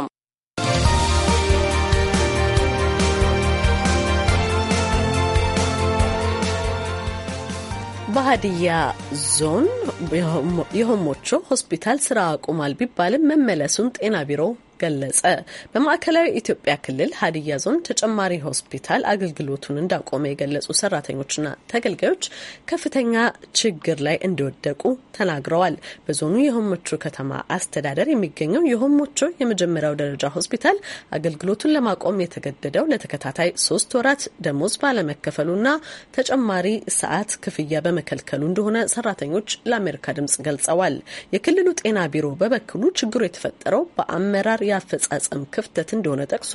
በሀዲያ ዞን የሆሞቾ ሆስፒታል ስራ አቁሟል ቢባልም መመለሱን ጤና ቢሮ ገለጸ። በማዕከላዊ ኢትዮጵያ ክልል ሀዲያ ዞን ተጨማሪ ሆስፒታል አገልግሎቱን እንዳቆመ የገለጹ ሰራተኞችና ተገልጋዮች ከፍተኛ ችግር ላይ እንደወደቁ ተናግረዋል። በዞኑ የሆሞቾ ከተማ አስተዳደር የሚገኘው የሆሞቾ የመጀመሪያው ደረጃ ሆስፒታል አገልግሎቱን ለማቆም የተገደደው ለተከታታይ ሶስት ወራት ደሞዝ ባለመከፈሉና ተጨማሪ ሰዓት ክፍያ በመከልከሉ እንደሆነ ሰራተኞች ለአሜሪካ ድምጽ ገልጸዋል። የክልሉ ጤና ቢሮ በበኩሉ ችግሩ የተፈጠረው በአመራር የአፈጻጸም ክፍተት እንደሆነ ጠቅሶ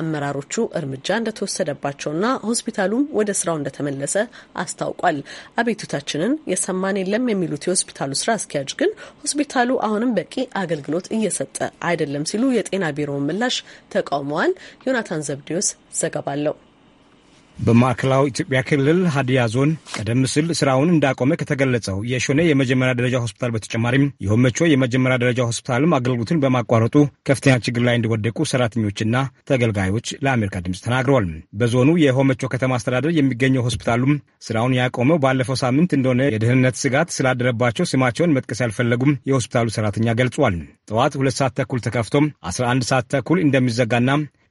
አመራሮቹ እርምጃ እንደተወሰደባቸውና ሆስፒታሉም ወደ ስራው እንደተመለሰ አስታውቋል። አቤቱታችንን የሰማን የለም የሚሉት የሆስፒታሉ ስራ አስኪያጅ ግን ሆስፒታሉ አሁንም በቂ አገልግሎት እየሰጠ አይደለም ሲሉ የጤና ቢሮውን ምላሽ ተቃውመዋል። ዮናታን ዘብዲዮስ ዘገባ አለው። በማዕከላዊ ኢትዮጵያ ክልል ሀዲያ ዞን ቀደም ሲል ስራውን እንዳቆመ ከተገለጸው የሾኔ የመጀመሪያ ደረጃ ሆስፒታል በተጨማሪም የሆመቾ የመጀመሪያ ደረጃ ሆስፒታልም አገልግሎትን በማቋረጡ ከፍተኛ ችግር ላይ እንዲወደቁ ሰራተኞችና ተገልጋዮች ለአሜሪካ ድምፅ ተናግረዋል። በዞኑ የሆመቾ ከተማ አስተዳደር የሚገኘው ሆስፒታሉም ስራውን ያቆመው ባለፈው ሳምንት እንደሆነ የደህንነት ስጋት ስላደረባቸው ስማቸውን መጥቀስ ያልፈለጉም የሆስፒታሉ ሰራተኛ ገልጿል። ጠዋት ሁለት ሰዓት ተኩል ተከፍቶም 11 ሰዓት ተኩል እንደሚዘጋና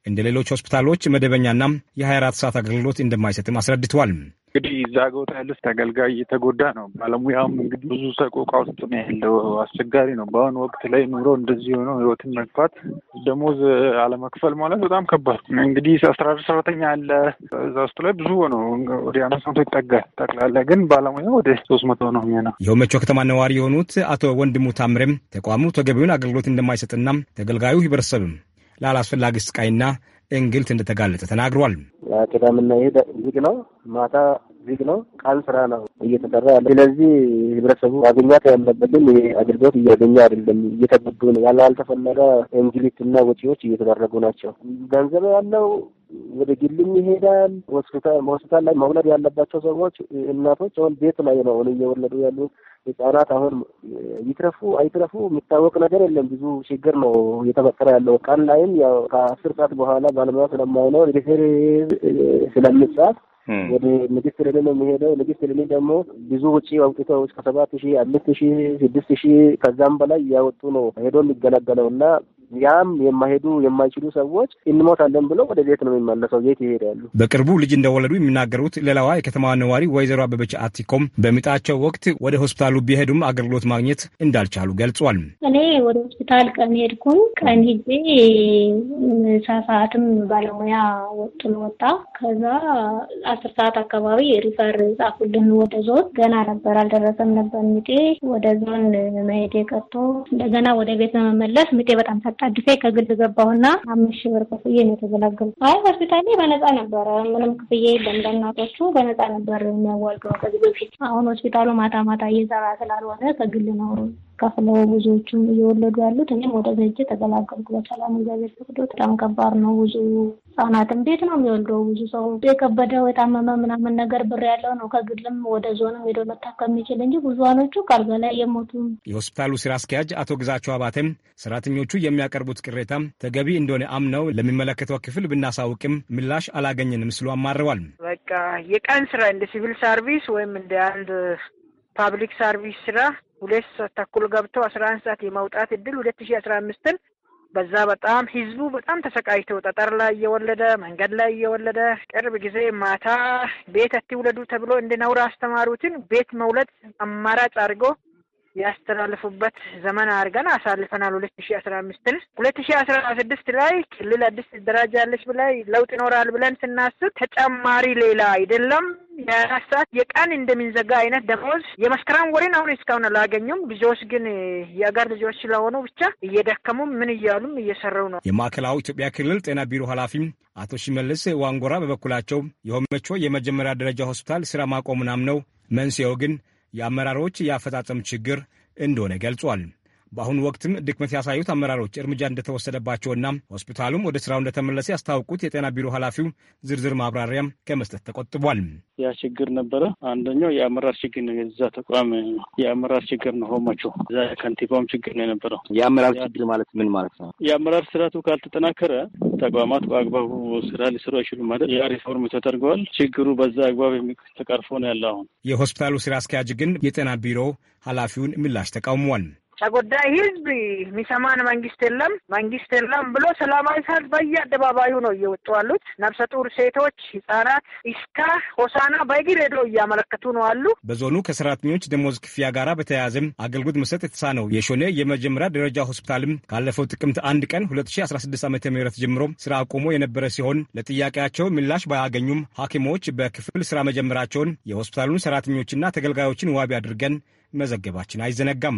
እንደ ሌሎች ሆስፒታሎች መደበኛና የ24 ሰዓት አገልግሎት እንደማይሰጥም አስረድተዋል። እንግዲህ እዛ ቦታ ያለስ ተገልጋይ እየተጎዳ ነው። ባለሙያም እንግዲህ ብዙ ሰቆቃ ውስጥ ነው ያለው። አስቸጋሪ ነው። በአሁኑ ወቅት ላይ ኑሮ እንደዚህ ሆኖ ህይወትን መግፋት፣ ደሞዝ አለመክፈል ማለት በጣም ከባድ እንግዲህ አስራ አንድ ሰራተኛ አለ እዛ ውስጥ ላይ ብዙ ነው ወደ አምስት መቶ ይጠጋል። ጠቅላላ ግን ባለሙያ ወደ ሶስት መቶ ነው የሚሆነው። የሆመቾ ከተማ ነዋሪ የሆኑት አቶ ወንድሙ ታምሬም ተቋሙ ተገቢውን አገልግሎት እንደማይሰጥና ተገልጋዩ ህብረተሰብም ላላስፈላጊ ስቃይና እንግልት እንደተጋለጠ ተናግሯል። ቅዳምና ይህ ነው ማታ ቢግ ነው። ቃን ስራ ነው እየተሰራ ያለ። ስለዚህ ህብረተሰቡ ማግኘት ያለበትን አገልግሎት እያገኘ አይደለም፣ እየተጎዱ ነው ያለ። ያልተፈለገ እና ወጪዎች እየተደረጉ ናቸው። ገንዘብ ያለው ወደ ግልም ይሄዳል። ሆስፒታል ላይ መውለድ ያለባቸው ሰዎች እናቶች አሁን ቤት ላይ ነው አሁን እየወለዱ ያሉ ህጻናት አሁን ይትረፉ አይትረፉ የሚታወቅ ነገር የለም። ብዙ ችግር ነው እየተፈጠረ ያለው። ቀን ላይም ያው ከአስር ሰዓት በኋላ ባለሙያ ስለማይኖር ሪፌር ስለሚጻፍ ወደ ንግስት ልል ነው የሚሄደው። ንግስት ሌሌ ደግሞ ብዙ ውጪ አውጥተው እስከ ሰባት ሺህ አምስት ሺህ ስድስት ሺህ ከዛም በላይ እያወጡ ነው ሄዶ የሚገለገለው እና ያም የማይሄዱ የማይችሉ ሰዎች እንሞታለን ብለው ወደ ቤት ነው የሚመለሰው። የት ይሄዳሉ? በቅርቡ ልጅ እንደወለዱ የሚናገሩት ሌላዋ የከተማዋ ነዋሪ ወይዘሮ አበበች አቲኮም በምጣቸው ወቅት ወደ ሆስፒታሉ ቢሄዱም አገልግሎት ማግኘት እንዳልቻሉ ገልጿል። እኔ ወደ ሆስፒታል ቀን ሄድኩኝ። ቀን ሄጄ ምሳ ሰዓትም ባለሙያ ወጡን ወጣ። ከዛ አስር ሰዓት አካባቢ ሪፈር ጻፉልን ወደ ዞን። ገና ነበር አልደረሰም ነበር ምጤ። ወደ ዞን መሄድ ቀርቶ እንደገና ወደ ቤት ለመመለስ ምጤ በጣም አዲስ ከግል ገባሁና አምስት ሺህ ብር ክፍዬ ነው የተገላገሉ። አይ ሆስፒታሌ በነፃ ነበረ፣ ምንም ክፍያ የለም። ለእናቶቹ በነፃ ነበር የሚያዋልደው ከዚህ በፊት። አሁን ሆስፒታሉ ማታ ማታ እየሰራ ስላልሆነ ከግል ነው ከፍለው ብዙዎቹም እየወለዱ ያሉት እኔም ወደዛ ሄጄ ተገላገልኩ። በሰላም እግዚአብሔር ፈቅዶ በጣም ከባድ ነው። ብዙ ህጻናትም ቤት ነው የሚወልደው። ብዙ ሰው የከበደው የታመመ ምናምን ነገር ብር ያለው ነው ከግልም ወደ ዞንም ሄዶ መታከም የሚችል እንጂ ብዙኖቹ ከአልጋ ላይ የሞቱ። የሆስፒታሉ ስራ አስኪያጅ አቶ ግዛቸው አባተም ሰራተኞቹ የሚያቀርቡት ቅሬታ ተገቢ እንደሆነ አምነው ለሚመለከተው ክፍል ብናሳውቅም ምላሽ አላገኘንም ሲሉ አማረዋል። በቃ የቀን ስራ እንደ ሲቪል ሰርቪስ ወይም እንደ አንድ ፓብሊክ ሰርቪስ ስራ ሁለት ሰዓት ተኩል ገብቶ አስራ አንድ ሰዓት የማውጣት እድል ሁለት ሺ አስራ አምስትን በዛ በጣም ህዝቡ በጣም ተሰቃይቶ ጠጠር ላይ እየወለደ መንገድ ላይ እየወለደ ቅርብ ጊዜ ማታ ቤት አትውለዱ ተብሎ እንደ ነውር አስተማሩትን ቤት መውለድ አማራጭ አድርጎ ያስተላልፉበት ዘመን አድርገን አሳልፈናል። ሁለት ሺ አስራ አምስትን ሁለት ሺ አስራ ስድስት ላይ ክልል አዲስ ትደራጃለች ብላይ ለውጥ ይኖራል ብለን ስናስብ ተጨማሪ ሌላ አይደለም የአራት ሰዓት የቀን እንደሚንዘጋ አይነት ደሞዝ የመስከረም ወሬን አሁን እስካሁን አላገኙም። ብዙዎች ግን የአገር ልጆች ስለሆኑ ብቻ እየደከሙም ምን እያሉም እየሰሩ ነው። የማዕከላዊ ኢትዮጵያ ክልል ጤና ቢሮ ኃላፊም አቶ ሽመልስ ዋንጎራ በበኩላቸው የሆመቾ የመጀመሪያ ደረጃ ሆስፒታል ስራ ማቆሙን አምነው መንስኤው ግን የአመራሮች የአፈጻጸም ችግር እንደሆነ ገልጿል። በአሁኑ ወቅትም ድክመት ያሳዩት አመራሮች እርምጃ እንደተወሰደባቸውና ሆስፒታሉም ወደ ስራው እንደተመለሰ ያስታወቁት የጤና ቢሮ ኃላፊው ዝርዝር ማብራሪያም ከመስጠት ተቆጥቧል። ያ ችግር ነበረ። አንደኛው የአመራር ችግር ነው። የዛ ተቋም የአመራር ችግር ነው። ሆማቸው እዛ ከንቲባውም ችግር ነው የነበረው። የአመራር ችግር ማለት ምን ማለት ነው? የአመራር ስርዓቱ ካልተጠናከረ ተቋማት በአግባቡ ስራ ሊሰሩ አይችሉም ማለት ያ ሪፎርም ተደርገዋል። ችግሩ በዛ አግባብ ተቀርፎ ነው ያለ። አሁን የሆስፒታሉ ስራ አስኪያጅ ግን የጤና ቢሮ ኃላፊውን ምላሽ ተቃውሟል። ተጎዳይ ህዝብ የሚሰማን መንግስት የለም መንግስት የለም ብሎ ሰላማዊ ሰልፍ በየአደባባዩ ነው እየወጡ ያሉት። ነፍሰ ጡር ሴቶች፣ ህጻናት እስከ ሆሳና በእግር ሄዶ እያመለከቱ ነው አሉ። በዞኑ ከሰራተኞች ደሞዝ ክፍያ ጋር በተያያዘም አገልግሎት የተሳ የተሳነው የሾኔ የመጀመሪያ ደረጃ ሆስፒታልም ካለፈው ጥቅምት አንድ ቀን 2016 ዓ ም ጀምሮ ስራ አቁሞ የነበረ ሲሆን ለጥያቄያቸው ምላሽ ባያገኙም ሐኪሞች በክፍል ስራ መጀመራቸውን የሆስፒታሉን ሰራተኞችና ተገልጋዮችን ዋቢ አድርገን መዘገባችን አይዘነጋም።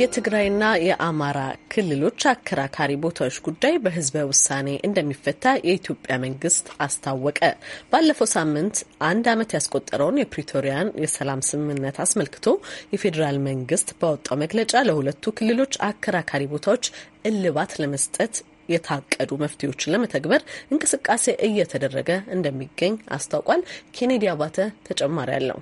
የትግራይና የአማራ ክልሎች አከራካሪ ቦታዎች ጉዳይ በህዝበ ውሳኔ እንደሚፈታ የኢትዮጵያ መንግስት አስታወቀ። ባለፈው ሳምንት አንድ ዓመት ያስቆጠረውን የፕሪቶሪያን የሰላም ስምምነት አስመልክቶ የፌዴራል መንግስት ባወጣው መግለጫ ለሁለቱ ክልሎች አከራካሪ ቦታዎች እልባት ለመስጠት የታቀዱ መፍትሄዎችን ለመተግበር እንቅስቃሴ እየተደረገ እንደሚገኝ አስታውቋል። ኬኔዲ አባተ ተጨማሪ አለው።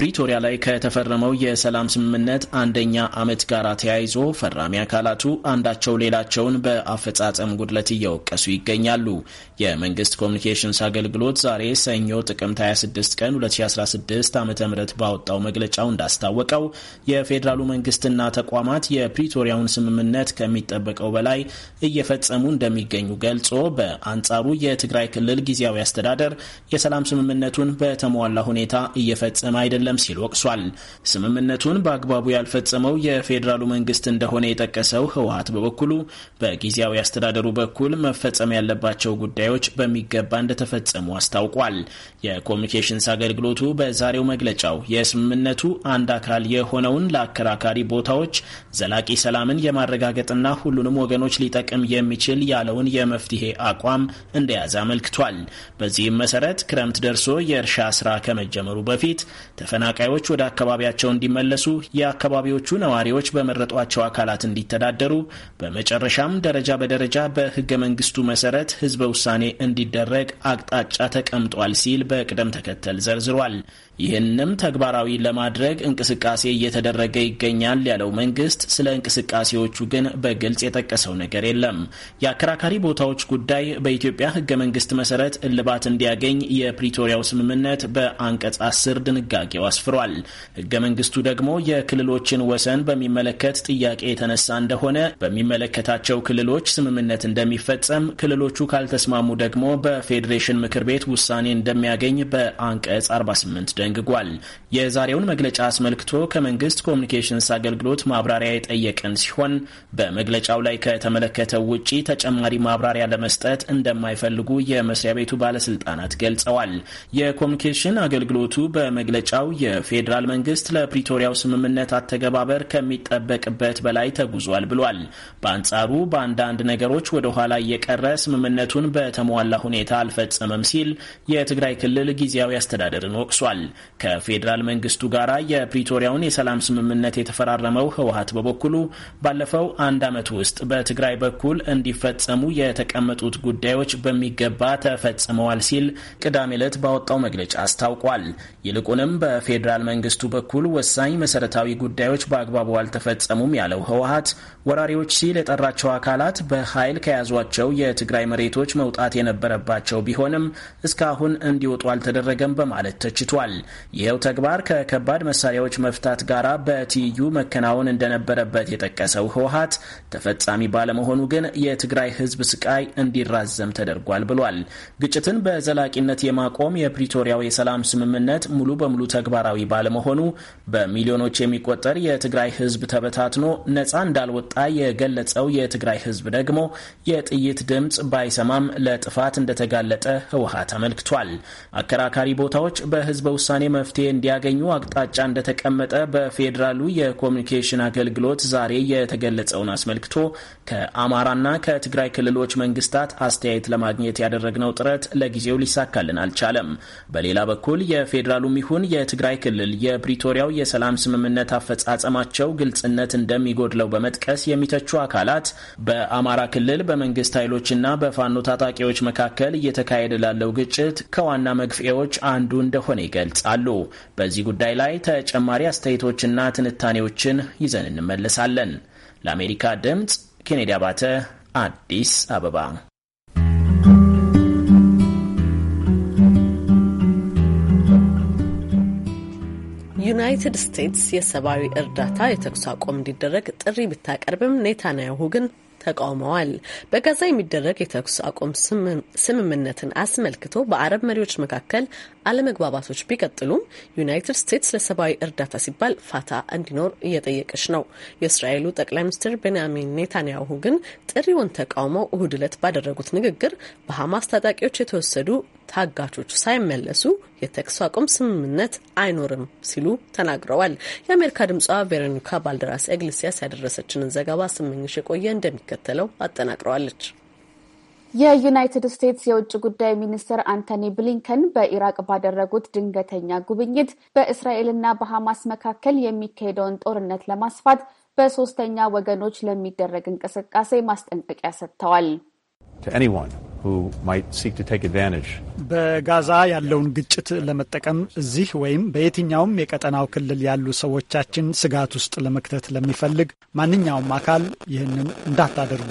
ፕሪቶሪያ ላይ ከተፈረመው የሰላም ስምምነት አንደኛ ዓመት ጋር ተያይዞ ፈራሚ አካላቱ አንዳቸው ሌላቸውን በአፈጻጸም ጉድለት እየወቀሱ ይገኛሉ። የመንግስት ኮሚኒኬሽንስ አገልግሎት ዛሬ ሰኞ ጥቅምት 26 ቀን 2016 ዓ ም ባወጣው መግለጫው እንዳስታወቀው የፌዴራሉ መንግስትና ተቋማት የፕሪቶሪያውን ስምምነት ከሚጠበቀው በላይ እየፈጸሙ እንደሚገኙ ገልጾ በአንጻሩ የትግራይ ክልል ጊዜያዊ አስተዳደር የሰላም ስምምነቱን በተሟላ ሁኔታ እየፈጸመ አይደለም አይደለም ሲል ወቅሷል። ስምምነቱን በአግባቡ ያልፈጸመው የፌዴራሉ መንግስት እንደሆነ የጠቀሰው ህወሀት በበኩሉ በጊዜያዊ አስተዳደሩ በኩል መፈጸም ያለባቸው ጉዳዮች በሚገባ እንደተፈጸሙ አስታውቋል። የኮሚኒኬሽንስ አገልግሎቱ በዛሬው መግለጫው የስምምነቱ አንድ አካል የሆነውን ለአከራካሪ ቦታዎች ዘላቂ ሰላምን የማረጋገጥና ሁሉንም ወገኖች ሊጠቅም የሚችል ያለውን የመፍትሄ አቋም እንደያዘ አመልክቷል። በዚህም መሰረት ክረምት ደርሶ የእርሻ ስራ ከመጀመሩ በፊት ተፈናቃዮች ወደ አካባቢያቸው እንዲመለሱ የአካባቢዎቹ ነዋሪዎች በመረጧቸው አካላት እንዲተዳደሩ፣ በመጨረሻም ደረጃ በደረጃ በህገ መንግስቱ መሰረት ህዝበ ውሳኔ እንዲደረግ አቅጣጫ ተቀምጧል ሲል በቅደም ተከተል ዘርዝሯል። ይህንም ተግባራዊ ለማድረግ እንቅስቃሴ እየተደረገ ይገኛል ያለው መንግስት ስለ እንቅስቃሴዎቹ ግን በግልጽ የጠቀሰው ነገር የለም። የአከራካሪ ቦታዎች ጉዳይ በኢትዮጵያ ህገ መንግስት መሰረት እልባት እንዲያገኝ የፕሪቶሪያው ስምምነት በአንቀጽ አስር ድንጋጌው አስፍሯል። ህገ መንግስቱ ደግሞ የክልሎችን ወሰን በሚመለከት ጥያቄ የተነሳ እንደሆነ በሚመለከታቸው ክልሎች ስምምነት እንደሚፈጸም፣ ክልሎቹ ካልተስማሙ ደግሞ በፌዴሬሽን ምክር ቤት ውሳኔ እንደሚያገኝ በአንቀጽ 48 አስደንግጓል። የዛሬውን መግለጫ አስመልክቶ ከመንግስት ኮሚኒኬሽንስ አገልግሎት ማብራሪያ የጠየቅን ሲሆን በመግለጫው ላይ ከተመለከተው ውጪ ተጨማሪ ማብራሪያ ለመስጠት እንደማይፈልጉ የመስሪያ ቤቱ ባለስልጣናት ገልጸዋል። የኮሚኒኬሽን አገልግሎቱ በመግለጫው የፌዴራል መንግስት ለፕሪቶሪያው ስምምነት አተገባበር ከሚጠበቅበት በላይ ተጉዟል ብሏል። በአንጻሩ በአንዳንድ ነገሮች ወደ ኋላ እየቀረ ስምምነቱን በተሟላ ሁኔታ አልፈጸመም ሲል የትግራይ ክልል ጊዜያዊ አስተዳደርን ወቅሷል። ከፌዴራል መንግስቱ ጋር የፕሪቶሪያውን የሰላም ስምምነት የተፈራረመው ህወሀት በበኩሉ ባለፈው አንድ ዓመት ውስጥ በትግራይ በኩል እንዲፈጸሙ የተቀመጡት ጉዳዮች በሚገባ ተፈጽመዋል ሲል ቅዳሜ ዕለት ባወጣው መግለጫ አስታውቋል። ይልቁንም በፌዴራል መንግስቱ በኩል ወሳኝ መሰረታዊ ጉዳዮች በአግባቡ አልተፈጸሙም ያለው ህወሀት ወራሪዎች ሲል የጠራቸው አካላት በኃይል ከያዟቸው የትግራይ መሬቶች መውጣት የነበረባቸው ቢሆንም እስካሁን እንዲወጡ አልተደረገም በማለት ተችቷል። ይኸው ተግባር ከከባድ መሳሪያዎች መፍታት ጋር በትይዩ መከናወን እንደነበረበት የጠቀሰው ህወሀት ተፈጻሚ ባለመሆኑ ግን የትግራይ ህዝብ ስቃይ እንዲራዘም ተደርጓል ብሏል። ግጭትን በዘላቂነት የማቆም የፕሪቶሪያው የሰላም ስምምነት ሙሉ በሙሉ ተግባራዊ ባለመሆኑ በሚሊዮኖች የሚቆጠር የትግራይ ህዝብ ተበታትኖ ነፃ እንዳልወጣ እንደወጣ የገለጸው የትግራይ ህዝብ ደግሞ የጥይት ድምፅ ባይሰማም ለጥፋት እንደተጋለጠ ህወሀት አመልክቷል። አከራካሪ ቦታዎች በህዝበ ውሳኔ መፍትሄ እንዲያገኙ አቅጣጫ እንደተቀመጠ በፌዴራሉ የኮሚኒኬሽን አገልግሎት ዛሬ የተገለጸውን አስመልክቶ ከአማራና ከትግራይ ክልሎች መንግስታት አስተያየት ለማግኘት ያደረግነው ጥረት ለጊዜው ሊሳካልን አልቻለም። በሌላ በኩል የፌዴራሉም ይሁን የትግራይ ክልል የፕሪቶሪያው የሰላም ስምምነት አፈጻጸማቸው ግልጽነት እንደሚጎድለው በመጥቀስ የሚተቹ አካላት በአማራ ክልል በመንግስት ኃይሎችና በፋኖ ታጣቂዎች መካከል እየተካሄደ ላለው ግጭት ከዋና መግፊያዎች አንዱ እንደሆነ ይገልጻሉ። በዚህ ጉዳይ ላይ ተጨማሪ አስተያየቶችና ትንታኔዎችን ይዘን እንመለሳለን። ለአሜሪካ ድምፅ ኬኔዲ አባተ አዲስ አበባ ዩናይትድ ስቴትስ የሰብአዊ እርዳታ የተኩስ አቁም እንዲደረግ ጥሪ ብታቀርብም ኔታንያሁ ግን ተቃውመዋል። በጋዛ የሚደረግ የተኩስ አቁም ስምምነትን አስመልክቶ በአረብ መሪዎች መካከል አለመግባባቶች ቢቀጥሉም ዩናይትድ ስቴትስ ለሰብአዊ እርዳታ ሲባል ፋታ እንዲኖር እየጠየቀች ነው። የእስራኤሉ ጠቅላይ ሚኒስትር ቤንያሚን ኔታንያሁ ግን ጥሪውን ተቃውመው እሁድ ዕለት ባደረጉት ንግግር በሐማስ ታጣቂዎች የተወሰዱ ታጋቾች ሳይመለሱ የተኩስ አቁም ስምምነት አይኖርም ሲሉ ተናግረዋል። የአሜሪካ ድምጿ ቬሮኒካ ባልደራስ ኤግሊሲያስ ያደረሰችንን ዘገባ ስምኝሽ የቆየ እንደሚከተለው አጠናቅረዋለች። የዩናይትድ ስቴትስ የውጭ ጉዳይ ሚኒስትር አንቶኒ ብሊንከን በኢራቅ ባደረጉት ድንገተኛ ጉብኝት በእስራኤልና በሐማስ መካከል የሚካሄደውን ጦርነት ለማስፋት በሶስተኛ ወገኖች ለሚደረግ እንቅስቃሴ ማስጠንቀቂያ ሰጥተዋል። በጋዛ ያለውን ግጭት ለመጠቀም እዚህ ወይም በየትኛውም የቀጠናው ክልል ያሉ ሰዎቻችን ስጋት ውስጥ ለመክተት ለሚፈልግ ማንኛውም አካል ይህንን እንዳታደርጉ።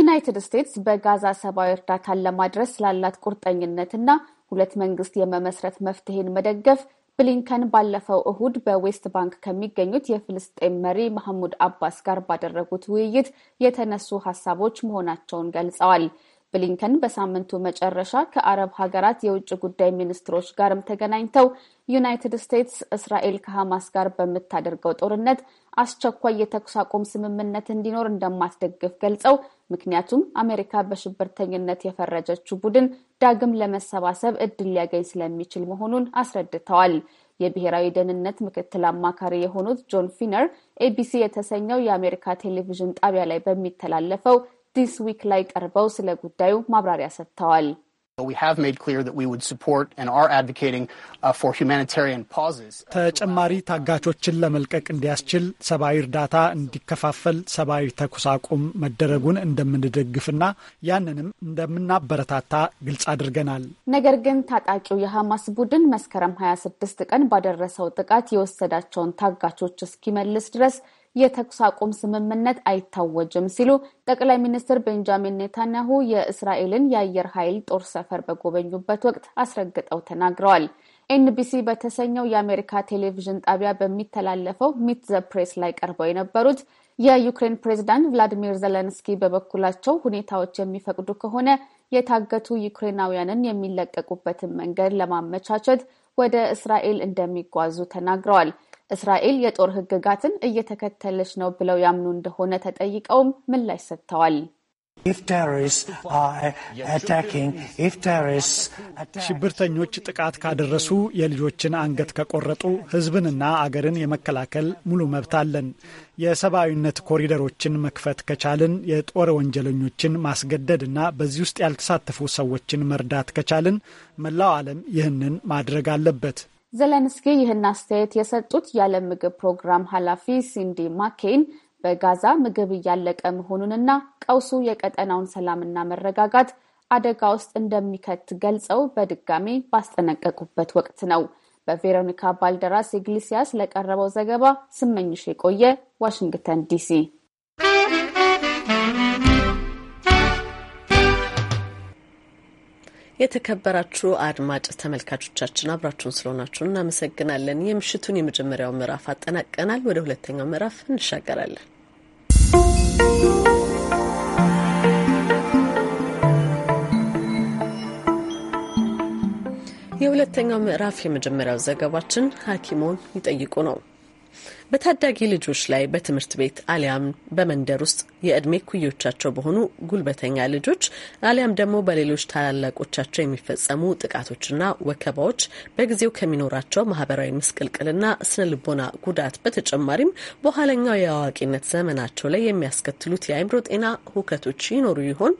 ዩናይትድ ስቴትስ በጋዛ ሰብአዊ እርዳታን ለማድረስ ስላላት ቁርጠኝነትና ሁለት መንግስት የመመስረት መፍትሄን መደገፍ ብሊንከን ባለፈው እሁድ በዌስት ባንክ ከሚገኙት የፍልስጤም መሪ መሐሙድ አባስ ጋር ባደረጉት ውይይት የተነሱ ሀሳቦች መሆናቸውን ገልጸዋል። ብሊንከን በሳምንቱ መጨረሻ ከአረብ ሀገራት የውጭ ጉዳይ ሚኒስትሮች ጋርም ተገናኝተው ዩናይትድ ስቴትስ እስራኤል ከሐማስ ጋር በምታደርገው ጦርነት አስቸኳይ የተኩስ አቁም ስምምነት እንዲኖር እንደማትደግፍ ገልጸው ምክንያቱም አሜሪካ በሽብርተኝነት የፈረጀችው ቡድን ዳግም ለመሰባሰብ እድል ሊያገኝ ስለሚችል መሆኑን አስረድተዋል። የብሔራዊ ደህንነት ምክትል አማካሪ የሆኑት ጆን ፊነር ኤቢሲ የተሰኘው የአሜሪካ ቴሌቪዥን ጣቢያ ላይ በሚተላለፈው ዲስ ዊክ ላይ ቀርበው ስለ ጉዳዩ ማብራሪያ ሰጥተዋል። ተጨማሪ ታጋቾችን ለመልቀቅ እንዲያስችል ሰብአዊ እርዳታ እንዲከፋፈል ሰብአዊ ተኩስ አቁም መደረጉን እንደምንደግፍና ያንንም እንደምናበረታታ ግልጽ አድርገናል። ነገር ግን ታጣቂው የሐማስ ቡድን መስከረም 26 ቀን ባደረሰው ጥቃት የወሰዳቸውን ታጋቾች እስኪመልስ ድረስ የተኩስ አቁም ስምምነት አይታወጅም ሲሉ ጠቅላይ ሚኒስትር ቤንጃሚን ኔታንያሁ የእስራኤልን የአየር ኃይል ጦር ሰፈር በጎበኙበት ወቅት አስረግጠው ተናግረዋል። ኤንቢሲ በተሰኘው የአሜሪካ ቴሌቪዥን ጣቢያ በሚተላለፈው ሚት ዘ ፕሬስ ላይ ቀርበው የነበሩት የዩክሬን ፕሬዝዳንት ቭላዲሚር ዘለንስኪ በበኩላቸው ሁኔታዎች የሚፈቅዱ ከሆነ የታገቱ ዩክሬናውያንን የሚለቀቁበትን መንገድ ለማመቻቸት ወደ እስራኤል እንደሚጓዙ ተናግረዋል። እስራኤል የጦር ህግጋትን እየተከተለች ነው ብለው ያምኑ እንደሆነ ተጠይቀውም ምላሽ ሰጥተዋል። ሽብርተኞች ጥቃት ካደረሱ፣ የልጆችን አንገት ከቆረጡ ህዝብንና አገርን የመከላከል ሙሉ መብት አለን። የሰብአዊነት ኮሪደሮችን መክፈት ከቻልን፣ የጦር ወንጀለኞችን ማስገደድ እና በዚህ ውስጥ ያልተሳተፉ ሰዎችን መርዳት ከቻልን፣ መላው ዓለም ይህንን ማድረግ አለበት። ዘለንስኪ ይህን አስተያየት የሰጡት የዓለም ምግብ ፕሮግራም ኃላፊ ሲንዲ ማኬን በጋዛ ምግብ እያለቀ መሆኑንና ቀውሱ የቀጠናውን ሰላምና መረጋጋት አደጋ ውስጥ እንደሚከት ገልጸው በድጋሚ ባስጠነቀቁበት ወቅት ነው። በቬሮኒካ ባልደራስ ኢግሊሲያስ ለቀረበው ዘገባ ስመኝሽ የቆየ ዋሽንግተን ዲሲ። የተከበራችሁ አድማጭ ተመልካቾቻችን አብራችሁን ስለሆናችሁ እናመሰግናለን። የምሽቱን የመጀመሪያው ምዕራፍ አጠናቀናል። ወደ ሁለተኛው ምዕራፍ እንሻገራለን። የሁለተኛው ምዕራፍ የመጀመሪያው ዘገባችን ሐኪሞን ይጠይቁ ነው። በታዳጊ ልጆች ላይ በትምህርት ቤት አሊያም በመንደር ውስጥ የእድሜ ኩዮቻቸው በሆኑ ጉልበተኛ ልጆች አሊያም ደግሞ በሌሎች ታላላቆቻቸው የሚፈጸሙ ጥቃቶችና ወከባዎች በጊዜው ከሚኖራቸው ማህበራዊ ምስቅልቅልና ስነ ልቦና ጉዳት በተጨማሪም በኋለኛው የአዋቂነት ዘመናቸው ላይ የሚያስከትሉት የአይምሮ ጤና ሁከቶች ይኖሩ ይሆን?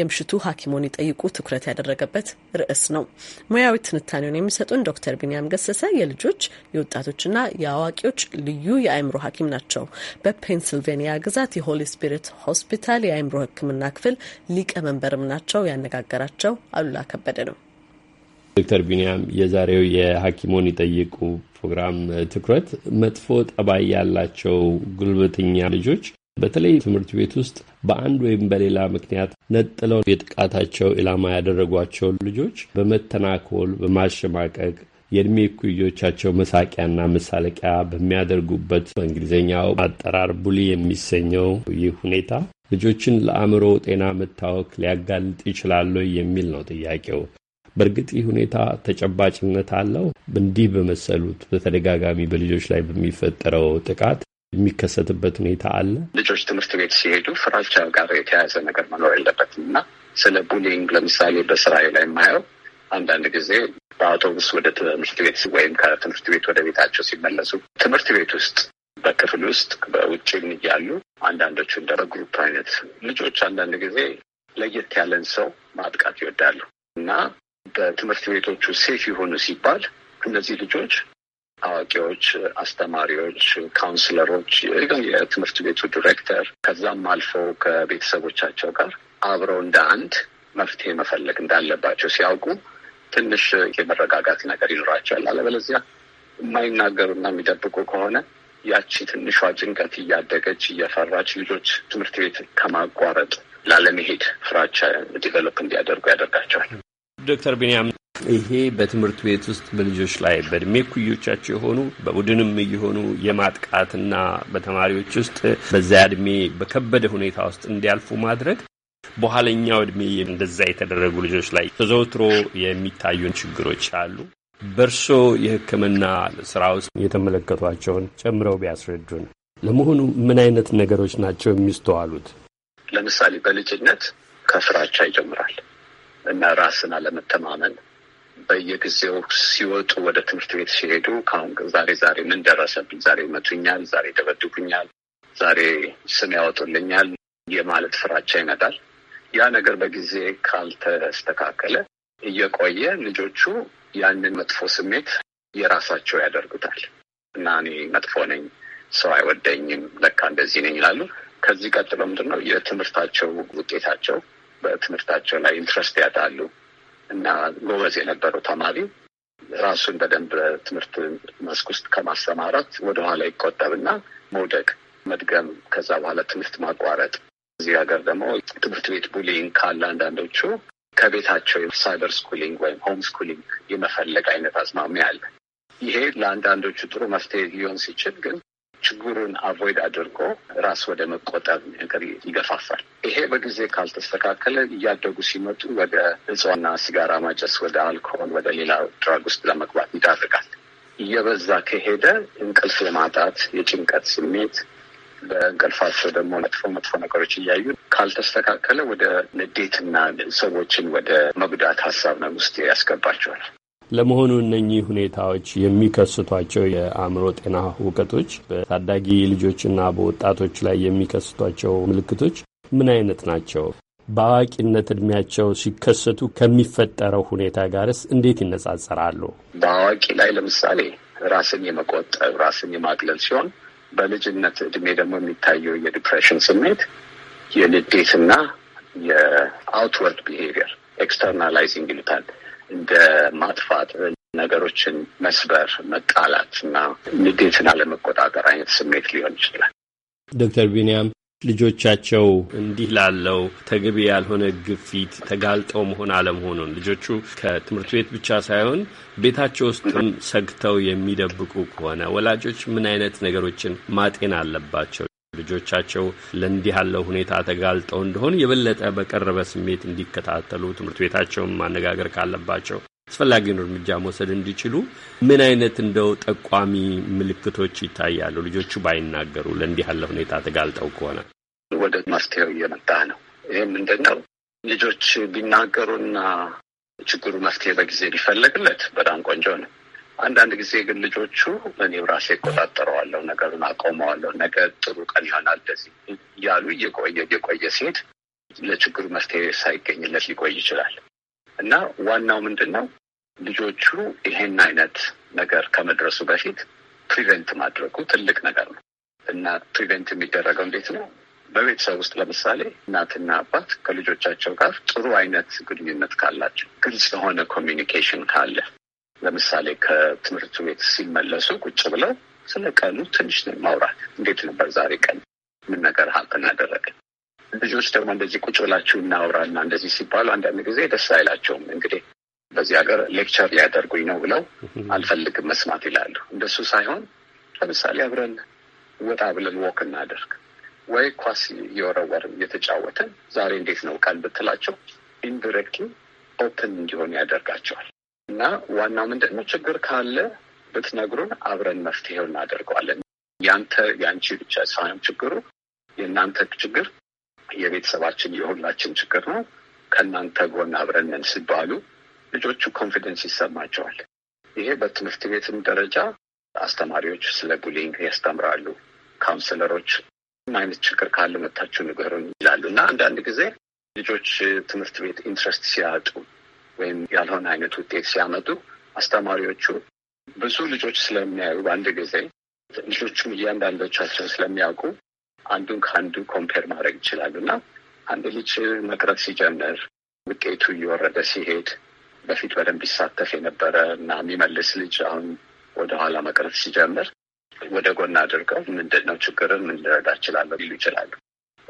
የምሽቱ ሐኪሞን ይጠይቁ ትኩረት ያደረገበት ርዕስ ነው። ሙያዊ ትንታኔውን የሚሰጡን ዶክተር ቢንያም ገሰሰ የልጆች የወጣቶችና የአዋቂዎች ልዩ ልዩ የአእምሮ ሐኪም ናቸው። በፔንስልቬኒያ ግዛት የሆሊ ስፒሪት ሆስፒታል የአእምሮ ሕክምና ክፍል ሊቀመንበርም ናቸው። ያነጋገራቸው አሉላ ከበደ ነው። ዶክተር ቢንያም የዛሬው የሐኪሞን ይጠይቁ ፕሮግራም ትኩረት መጥፎ ጠባይ ያላቸው ጉልበተኛ ልጆች በተለይ ትምህርት ቤት ውስጥ በአንድ ወይም በሌላ ምክንያት ነጥለው የጥቃታቸው ኢላማ ያደረጓቸው ልጆች በመተናኮል በማሸማቀቅ የዕድሜ ኩዮቻቸው መሳቂያና መሳለቂያ በሚያደርጉበት በእንግሊዝኛው አጠራር ቡሊ የሚሰኘው ይህ ሁኔታ ልጆችን ለአእምሮ ጤና መታወክ ሊያጋልጥ ይችላሉ የሚል ነው ጥያቄው። በእርግጥ ይህ ሁኔታ ተጨባጭነት አለው? እንዲህ በመሰሉት በተደጋጋሚ በልጆች ላይ በሚፈጠረው ጥቃት የሚከሰትበት ሁኔታ አለ። ልጆች ትምህርት ቤት ሲሄዱ ፍራቻ ጋር የተያያዘ ነገር መኖር የለበትም እና ስለ ቡሊንግ ለምሳሌ በስራዬ ላይ የማየው አንዳንድ ጊዜ በአውቶቡስ ወደ ትምህርት ቤት ወይም ከትምህርት ቤት ወደ ቤታቸው ሲመለሱ ትምህርት ቤት ውስጥ በክፍል ውስጥ በውጭም እያሉ አንዳንዶቹ እንደ በግሩፕ አይነት ልጆች አንዳንድ ጊዜ ለየት ያለን ሰው ማጥቃት ይወዳሉ እና በትምህርት ቤቶቹ ሴፍ የሆኑ ሲባል እነዚህ ልጆች አዋቂዎች፣ አስተማሪዎች፣ ካውንስለሮች፣ የትምህርት ቤቱ ዲሬክተር ከዛም አልፈው ከቤተሰቦቻቸው ጋር አብረው እንደ አንድ መፍትሄ መፈለግ እንዳለባቸው ሲያውቁ ትንሽ የመረጋጋት ነገር ይኖራቸዋል። አለበለዚያ የማይናገሩና የሚደብቁ ከሆነ ያቺ ትንሿ ጭንቀት እያደገች እየፈራች ልጆች ትምህርት ቤት ከማቋረጥ ላለመሄድ ፍራቻ ዲቨሎፕ እንዲያደርጉ ያደርጋቸዋል። ዶክተር ቢንያም ይሄ በትምህርት ቤት ውስጥ በልጆች ላይ በእድሜ ኩዮቻቸው የሆኑ በቡድንም እየሆኑ የማጥቃትና በተማሪዎች ውስጥ በዚያ እድሜ በከበደ ሁኔታ ውስጥ እንዲያልፉ ማድረግ በኋለኛው እድሜ እንደዛ የተደረጉ ልጆች ላይ ተዘውትሮ የሚታዩን ችግሮች አሉ። በእርሶ የሕክምና ስራ ውስጥ የተመለከቷቸውን ጨምረው ቢያስረዱን። ለመሆኑ ምን አይነት ነገሮች ናቸው የሚስተዋሉት? ለምሳሌ በልጅነት ከፍራቻ ይጀምራል እና ራስን አለመተማመን በየጊዜው ሲወጡ ወደ ትምህርት ቤት ሲሄዱ ከአሁን ዛሬ ዛሬ ምን ደረሰብኝ፣ ዛሬ መቱኛል፣ ዛሬ ይደበድቡኛል፣ ዛሬ ስም ያወጡልኛል የማለት ፍራቻ ይመጣል። ያ ነገር በጊዜ ካልተስተካከለ እየቆየ ልጆቹ ያንን መጥፎ ስሜት የራሳቸው ያደርጉታል እና እኔ መጥፎ ነኝ፣ ሰው አይወደኝም፣ ለካ እንደዚህ ነኝ ይላሉ። ከዚህ ቀጥሎ ምንድን ነው የትምህርታቸው ውጤታቸው በትምህርታቸው ላይ ኢንትረስት ያጣሉ እና ጎበዝ የነበረው ተማሪ ራሱን በደንብ ትምህርት መስክ ውስጥ ከማሰማራት ወደኋላ ይቆጠብና መውደቅ፣ መድገም፣ ከዛ በኋላ ትምህርት ማቋረጥ እዚህ ሀገር ደግሞ ትምህርት ቤት ቡሊንግ ካለ አንዳንዶቹ ከቤታቸው ሳይበር ስኩሊንግ ወይም ሆም ስኩሊንግ የመፈለግ አይነት አዝማሚያ አለ። ይሄ ለአንዳንዶቹ ጥሩ መፍትሄ ሊሆን ሲችል ግን ችግሩን አቮይድ አድርጎ ራስ ወደ መቆጠብ ነገር ይገፋፋል። ይሄ በጊዜ ካልተስተካከለ እያደጉ ሲመጡ ወደ እጽዋና ሲጋራ ማጨስ፣ ወደ አልኮል፣ ወደ ሌላ ድራግ ውስጥ ለመግባት ይዳርጋል። እየበዛ ከሄደ እንቅልፍ የማጣት የጭንቀት ስሜት በእንቅልፋቸው ደግሞ መጥፎ መጥፎ ነገሮች እያዩ ካልተስተካከለ ወደ ንዴትና ሰዎችን ወደ መጉዳት ሀሳብ ነው ውስጥ ያስገባቸዋል። ለመሆኑ እነኚህ ሁኔታዎች የሚከስቷቸው የአእምሮ ጤና እውቀቶች በታዳጊ ልጆችና በወጣቶች ላይ የሚከስቷቸው ምልክቶች ምን አይነት ናቸው? በአዋቂነት እድሜያቸው ሲከሰቱ ከሚፈጠረው ሁኔታ ጋርስ እንዴት ይነጻጸራሉ? በአዋቂ ላይ ለምሳሌ ራስን የመቆጠብ ራስን የማግለል ሲሆን በልጅነት እድሜ ደግሞ የሚታየው የዲፕሬሽን ስሜት የንዴትና የአውትወርድ ቢሄቪየር ኤክስተርናላይዚንግ ይሉታል። እንደ ማጥፋት፣ ነገሮችን መስበር፣ መጣላት እና ንዴትን አለመቆጣጠር አይነት ስሜት ሊሆን ይችላል። ዶክተር ቢንያም ልጆቻቸው እንዲህ ላለው ተገቢ ያልሆነ ግፊት ተጋልጠው መሆን አለመሆኑን ልጆቹ ከትምህርት ቤት ብቻ ሳይሆን ቤታቸው ውስጥም ሰግተው የሚደብቁ ከሆነ ወላጆች ምን አይነት ነገሮችን ማጤን አለባቸው? ልጆቻቸው ለእንዲህ ያለው ሁኔታ ተጋልጠው እንደሆን የበለጠ በቀረበ ስሜት እንዲከታተሉ ትምህርት ቤታቸውን ማነጋገር ካለባቸው አስፈላጊውን እርምጃ መውሰድ እንዲችሉ ምን አይነት እንደው ጠቋሚ ምልክቶች ይታያሉ? ልጆቹ ባይናገሩ ለእንዲህ ያለ ሁኔታ ተጋልጠው ከሆነ ወደ ማስተያው እየመጣ ነው። ይህ ምንድን ነው? ልጆች ቢናገሩና ችግሩ መፍትሄ በጊዜ ቢፈለግለት በጣም ቆንጆ ነው። አንዳንድ ጊዜ ግን ልጆቹ እኔ ራሴ እቆጣጠረዋለሁ፣ ነገሩን አቆመዋለሁ፣ ነገ ጥሩ ቀን ይሆናል እንደዚህ እያሉ እየቆየ እየቆየ ሲሄድ ለችግሩ መፍትሄ ሳይገኝለት ሊቆይ ይችላል። እና ዋናው ምንድን ነው ልጆቹ ይሄን አይነት ነገር ከመድረሱ በፊት ፕሪቨንት ማድረጉ ትልቅ ነገር ነው እና ፕሪቨንት የሚደረገው እንዴት ነው? በቤተሰብ ውስጥ ለምሳሌ እናትና አባት ከልጆቻቸው ጋር ጥሩ አይነት ግንኙነት ካላቸው፣ ግልጽ የሆነ ኮሚኒኬሽን ካለ፣ ለምሳሌ ከትምህርት ቤት ሲመለሱ ቁጭ ብለው ስለ ቀኑ ትንሽ ማውራት፣ እንዴት ነበር ዛሬ ቀን፣ ምን ነገር ሀብን አደረገ፣ ልጆች ደግሞ እንደዚህ ቁጭ ብላችሁ እናውራና እንደዚህ ሲባሉ አንዳንድ ጊዜ ደስ አይላቸውም። እንግዲህ በዚህ ሀገር ሌክቸር ሊያደርጉኝ ነው ብለው አልፈልግም መስማት ይላሉ። እንደሱ ሳይሆን ለምሳሌ አብረን ወጣ ብለን ወክ እናደርግ ወይ ኳስ እየወረወርን እየተጫወትን ዛሬ እንዴት ነው ቃል ብትላቸው ኢንዲሬክትሊ ኦፕን እንዲሆን ያደርጋቸዋል። እና ዋናው ምንድን ነው ችግር ካለ ብትነግሩን አብረን መፍትሄው እናደርገዋለን። ያንተ ያንቺ ብቻ ሳይሆን ችግሩ የእናንተ ችግር የቤተሰባችን የሁላችን ችግር ነው፣ ከእናንተ ጎን አብረንን ሲባሉ ልጆቹ ኮንፊደንስ ይሰማቸዋል። ይሄ በትምህርት ቤትም ደረጃ አስተማሪዎች ስለ ቡሊንግ ያስተምራሉ። ካውንስለሮች ምን አይነት ችግር ካለ መታችሁ ንገሩን ይላሉ እና አንዳንድ ጊዜ ልጆች ትምህርት ቤት ኢንትረስት ሲያጡ ወይም ያልሆነ አይነት ውጤት ሲያመጡ አስተማሪዎቹ ብዙ ልጆች ስለሚያዩ በአንድ ጊዜ ልጆቹም እያንዳንዶቻቸው ስለሚያውቁ አንዱን ከአንዱ ኮምፔር ማድረግ ይችላሉ እና አንድ ልጅ መቅረብ ሲጀምር ውጤቱ እየወረደ ሲሄድ በፊት በደንብ ይሳተፍ የነበረ እና የሚመልስ ልጅ አሁን ወደኋላ መቅረብ ሲጀምር ወደ ጎን አድርገው ምንድን ነው ችግርን ምን ልረዳ እችላለሁ ሊሉ ይችላሉ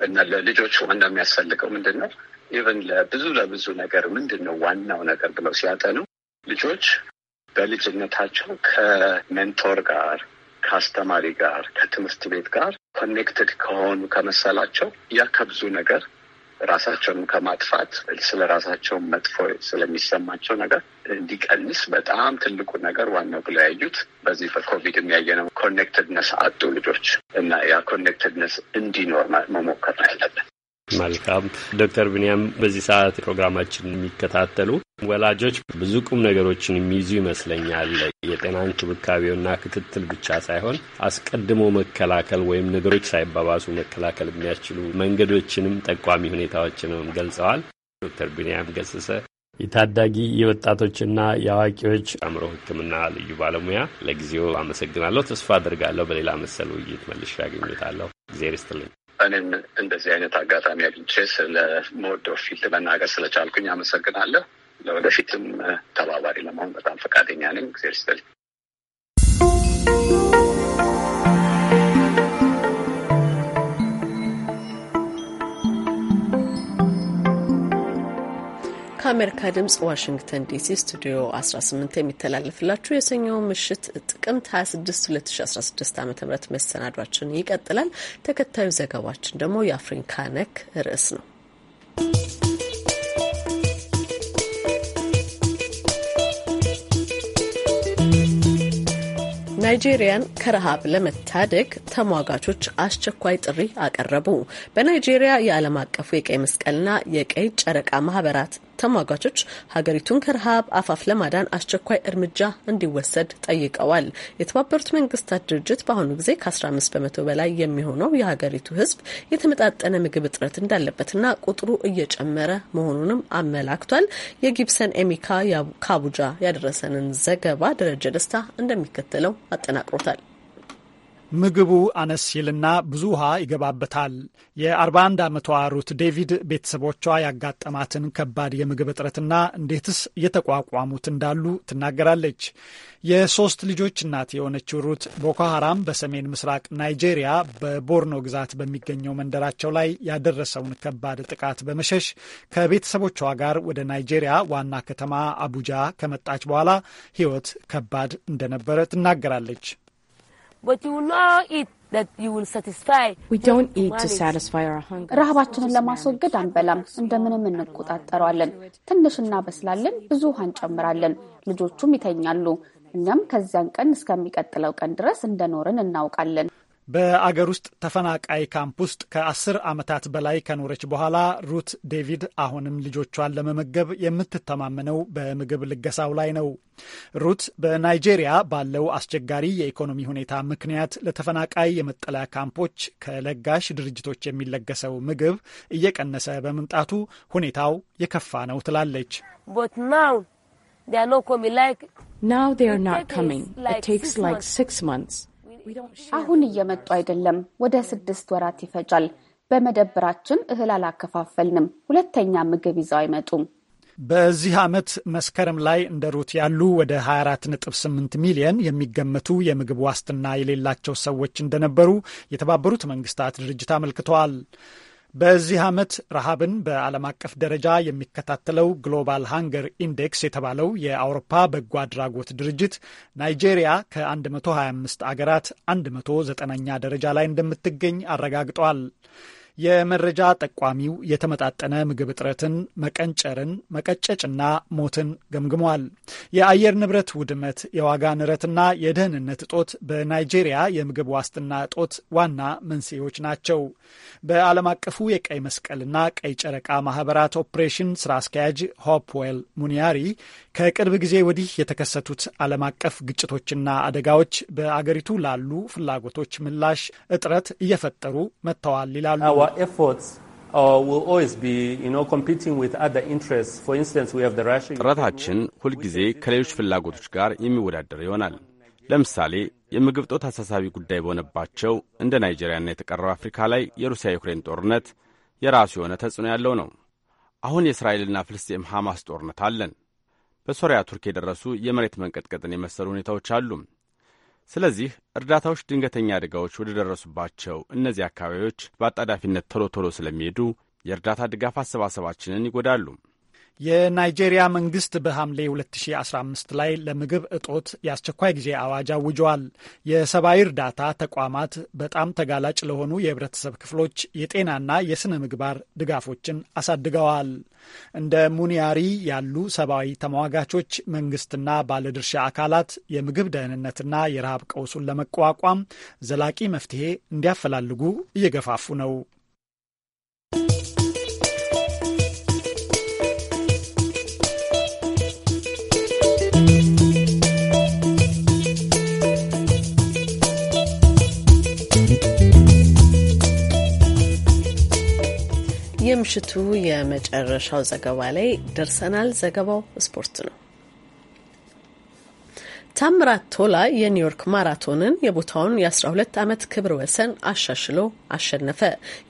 እና ለልጆች ዋና የሚያስፈልገው ምንድን ነው ኢቨን ለብዙ ለብዙ ነገር ምንድን ነው ዋናው ነገር ብለው ሲያጠኑ ልጆች በልጅነታቸው ከሜንቶር ጋር ከአስተማሪ ጋር ከትምህርት ቤት ጋር ኮኔክትድ ከሆኑ ከመሰላቸው ያ ከብዙ ነገር ራሳቸውን ከማጥፋት ስለ ራሳቸውን መጥፎ ስለሚሰማቸው ነገር እንዲቀንስ በጣም ትልቁ ነገር ዋናው ብለው ያዩት በዚህ በኮቪድ የሚያየነው ኮኔክትድነስ አጡ ልጆች እና ያ ኮኔክትድነስ እንዲኖር መሞከር ያለብን። መልካም ዶክተር ብንያም በዚህ ሰዓት ፕሮግራማችን የሚከታተሉ ወላጆች ብዙ ቁም ነገሮችን የሚይዙ ይመስለኛል። የጤና እንክብካቤውና ክትትል ብቻ ሳይሆን አስቀድሞ መከላከል ወይም ነገሮች ሳይባባሱ መከላከል የሚያስችሉ መንገዶችንም ጠቋሚ ሁኔታዎችንም ገልጸዋል። ዶክተር ቢንያም ገሰሰ የታዳጊ የወጣቶችና የአዋቂዎች አእምሮ ሕክምና ልዩ ባለሙያ፣ ለጊዜው አመሰግናለሁ። ተስፋ አድርጋለሁ በሌላ መሰል ውይይት መልሼ ያገኘታለሁ። እግዜር ይስጥልኝ። እኔም እንደዚህ አይነት አጋጣሚ አግኝቼ ስለ ስለምወደው ፊልድ መናገር ስለቻልኩኝ አመሰግናለሁ። ለወደፊትም ተባባሪ ለመሆን በጣም ፈቃደኛ ነኝ። እግዜር ይስጥልኝ። ከአሜሪካ ድምጽ ዋሽንግተን ዲሲ ስቱዲዮ 18 የሚተላለፍላችሁ የሰኞ ምሽት ጥቅምት 26 2016 ዓ ም መሰናዷችን ይቀጥላል። ተከታዩ ዘገባችን ደግሞ የአፍሪካ ነክ ርዕስ ነው። ናይጄሪያን ከረሃብ ለመታደግ ተሟጋቾች አስቸኳይ ጥሪ አቀረቡ። በናይጄሪያ የዓለም አቀፉ የቀይ መስቀልና የቀይ ጨረቃ ማህበራት ተሟጋቾች ሀገሪቱን ከረሃብ አፋፍ ለማዳን አስቸኳይ እርምጃ እንዲወሰድ ጠይቀዋል። የተባበሩት መንግስታት ድርጅት በአሁኑ ጊዜ ከ15 በመቶ በላይ የሚሆነው የሀገሪቱ ህዝብ የተመጣጠነ ምግብ እጥረት እንዳለበትና ቁጥሩ እየጨመረ መሆኑንም አመላክቷል። የጊብሰን ኤሚካ ከአቡጃ ያደረሰንን ዘገባ ደረጀ ደስታ እንደሚከተለው አጠናቅሮታል። ምግቡ አነስ ይልና ብዙ ውሃ ይገባበታል። የ41 ዓመቷ ሩት ዴቪድ ቤተሰቦቿ ያጋጠማትን ከባድ የምግብ እጥረትና እንዴትስ እየተቋቋሙት እንዳሉ ትናገራለች። የሶስት ልጆች እናት የሆነችው ሩት ቦኮ ሀራም በሰሜን ምስራቅ ናይጄሪያ በቦርኖ ግዛት በሚገኘው መንደራቸው ላይ ያደረሰውን ከባድ ጥቃት በመሸሽ ከቤተሰቦቿ ጋር ወደ ናይጄሪያ ዋና ከተማ አቡጃ ከመጣች በኋላ ሕይወት ከባድ እንደነበረ ትናገራለች። ረሃባችንን ለማስወገድ አንበላም፣ እንደምንም እንቆጣጠረዋለን። ትንሽ እናበስላለን፣ ብዙ ውሃ እንጨምራለን፣ ልጆቹም ይተኛሉ። እኛም ከዚያን ቀን እስከሚቀጥለው ቀን ድረስ እንደኖርን እናውቃለን። በአገር ውስጥ ተፈናቃይ ካምፕ ውስጥ ከአስር ዓመታት በላይ ከኖረች በኋላ ሩት ዴቪድ አሁንም ልጆቿን ለመመገብ የምትተማመነው በምግብ ልገሳው ላይ ነው። ሩት በናይጄሪያ ባለው አስቸጋሪ የኢኮኖሚ ሁኔታ ምክንያት ለተፈናቃይ የመጠለያ ካምፖች ከለጋሽ ድርጅቶች የሚለገሰው ምግብ እየቀነሰ በመምጣቱ ሁኔታው የከፋ ነው ትላለች። ናው ዜይ ናት ካሚንግ ኢት ቴክስ ላይክ ሲክስ አሁን እየመጡ አይደለም። ወደ ስድስት ወራት ይፈጃል። በመደብራችን እህል አላከፋፈልንም። ሁለተኛ ምግብ ይዘው አይመጡም። በዚህ ዓመት መስከረም ላይ እንደ ሩት ያሉ ወደ 24.8 ሚሊየን የሚገመቱ የምግብ ዋስትና የሌላቸው ሰዎች እንደነበሩ የተባበሩት መንግስታት ድርጅት አመልክተዋል። በዚህ ዓመት ረሃብን በዓለም አቀፍ ደረጃ የሚከታተለው ግሎባል ሃንገር ኢንዴክስ የተባለው የአውሮፓ በጎ አድራጎት ድርጅት ናይጄሪያ ከ125 አገራት 190ኛ ደረጃ ላይ እንደምትገኝ አረጋግጠዋል። የመረጃ ጠቋሚው የተመጣጠነ ምግብ እጥረትን፣ መቀንጨርን፣ መቀጨጭና ሞትን ገምግመዋል። የአየር ንብረት ውድመት፣ የዋጋ ንረትና የደህንነት እጦት በናይጄሪያ የምግብ ዋስትና እጦት ዋና መንስኤዎች ናቸው። በዓለም አቀፉ የቀይ መስቀልና ቀይ ጨረቃ ማህበራት ኦፕሬሽን ስራ አስኪያጅ ሆፕዌል ሙኒያሪ ከቅርብ ጊዜ ወዲህ የተከሰቱት ዓለም አቀፍ ግጭቶችና አደጋዎች በአገሪቱ ላሉ ፍላጎቶች ምላሽ እጥረት እየፈጠሩ መጥተዋል ይላሉ። our efforts uh, ጥረታችን ሁልጊዜ ከሌሎች ፍላጎቶች ጋር የሚወዳደር ይሆናል። ለምሳሌ የምግብ ጦት አሳሳቢ ጉዳይ በሆነባቸው እንደ ናይጄሪያና የተቀረው አፍሪካ ላይ የሩሲያ ዩክሬን ጦርነት የራሱ የሆነ ተጽዕኖ ያለው ነው። አሁን የእስራኤልና ፍልስጤም ሐማስ ጦርነት አለን። በሶሪያ ቱርክ የደረሱ የመሬት መንቀጥቀጥን የመሰሉ ሁኔታዎች አሉ። ስለዚህ እርዳታዎች ድንገተኛ አደጋዎች ወደ ደረሱባቸው እነዚህ አካባቢዎች በአጣዳፊነት ቶሎ ቶሎ ስለሚሄዱ የእርዳታ ድጋፍ አሰባሰባችንን ይጎዳሉ። የናይጄሪያ መንግስት በሐምሌ 2015 ላይ ለምግብ እጦት የአስቸኳይ ጊዜ አዋጅ አውጇል። የሰብአዊ እርዳታ ተቋማት በጣም ተጋላጭ ለሆኑ የህብረተሰብ ክፍሎች የጤናና የስነ ምግባር ድጋፎችን አሳድገዋል። እንደ ሙኒያሪ ያሉ ሰብአዊ ተሟጋቾች መንግስትና ባለድርሻ አካላት የምግብ ደህንነትና የረሃብ ቀውሱን ለመቋቋም ዘላቂ መፍትሄ እንዲያፈላልጉ እየገፋፉ ነው። የምሽቱ የመጨረሻው ዘገባ ላይ ደርሰናል። ዘገባው ስፖርት ነው። ታምራት ቶላ የኒውዮርክ ማራቶንን የቦታውን የ12 ዓመት ክብረ ወሰን አሻሽሎ አሸነፈ።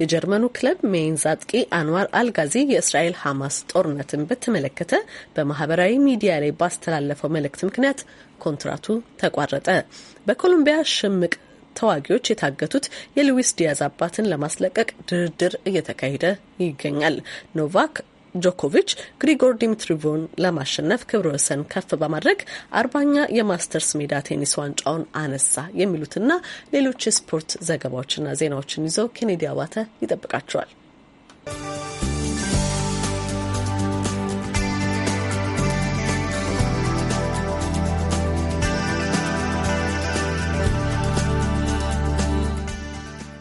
የጀርመኑ ክለብ ሜይንዝ አጥቂ አንዋር አልጋዚ የእስራኤል ሐማስ ጦርነትን በተመለከተ በማህበራዊ ሚዲያ ላይ ባስተላለፈው መልእክት ምክንያት ኮንትራቱ ተቋረጠ። በኮሎምቢያ ሽምቅ ተዋጊዎች የታገቱት የሉዊስ ዲያዝ አባትን ለማስለቀቅ ድርድር እየተካሄደ ይገኛል። ኖቫክ ጆኮቪች ግሪጎር ዲሚትሪቮን ለማሸነፍ ክብረ ወሰን ከፍ በማድረግ አርባኛ የማስተርስ ሜዳ ቴኒስ ዋንጫውን አነሳ። የሚሉትና ሌሎች የስፖርት ዘገባዎችና ዜናዎችን ይዘው ኬኔዲ አባተ ይጠብቃቸዋል።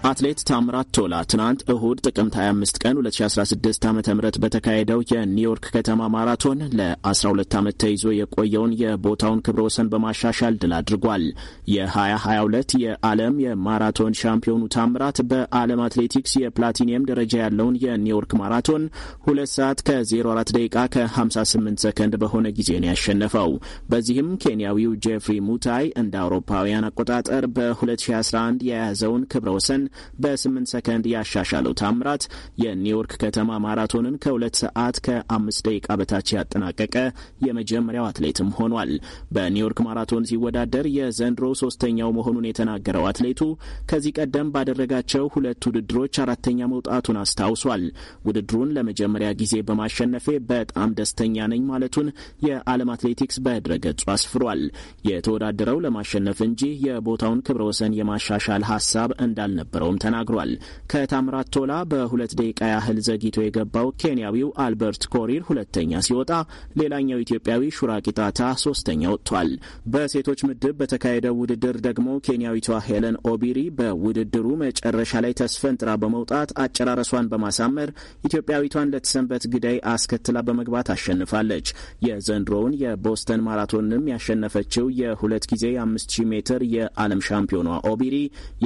አትሌት ታምራት ቶላ ትናንት እሁድ ጥቅምት 25 ቀን 2016 ዓ ም በተካሄደው የኒውዮርክ ከተማ ማራቶን ለ12 ዓመት ተይዞ የቆየውን የቦታውን ክብረ ወሰን በማሻሻል ድል አድርጓል። የ2022 የዓለም የማራቶን ሻምፒዮኑ ታምራት በዓለም አትሌቲክስ የፕላቲኒየም ደረጃ ያለውን የኒውዮርክ ማራቶን 2 ሰዓት ከ04 ደቂቃ ከ58 ሰከንድ በሆነ ጊዜ ነው ያሸነፈው። በዚህም ኬንያዊው ጄፍሪ ሙታይ እንደ አውሮፓውያን አቆጣጠር በ2011 የያዘውን ክብረ ወሰን በ8 ሰከንድ ያሻሻለው ታምራት የኒውዮርክ ከተማ ማራቶንን ከሁለት ሰዓት ከአምስት ደቂቃ በታች ያጠናቀቀ የመጀመሪያው አትሌትም ሆኗል። በኒውዮርክ ማራቶን ሲወዳደር የዘንድሮ ሶስተኛው መሆኑን የተናገረው አትሌቱ ከዚህ ቀደም ባደረጋቸው ሁለት ውድድሮች አራተኛ መውጣቱን አስታውሷል። ውድድሩን ለመጀመሪያ ጊዜ በማሸነፌ በጣም ደስተኛ ነኝ ማለቱን የዓለም አትሌቲክስ በድረገጹ አስፍሯል። የተወዳደረው ለማሸነፍ እንጂ የቦታውን ክብረ ወሰን የማሻሻል ሀሳብ እንዳልነበረው እንደነበረውም ተናግሯል። ከታምራት ቶላ በሁለት ደቂቃ ያህል ዘግይቶ የገባው ኬንያዊው አልበርት ኮሪር ሁለተኛ ሲወጣ፣ ሌላኛው ኢትዮጵያዊ ሹራ ቂጣታ ሶስተኛ ወጥቷል። በሴቶች ምድብ በተካሄደው ውድድር ደግሞ ኬንያዊቷ ሄለን ኦቢሪ በውድድሩ መጨረሻ ላይ ተስፈንጥራ በመውጣት አጨራረሷን በማሳመር ኢትዮጵያዊቷን ለተሰንበት ግዳይ አስከትላ በመግባት አሸንፋለች። የዘንድሮውን የቦስተን ማራቶንም ያሸነፈችው የሁለት ጊዜ የአምስት ሺህ ሜትር የዓለም ሻምፒዮኗ ኦቢሪ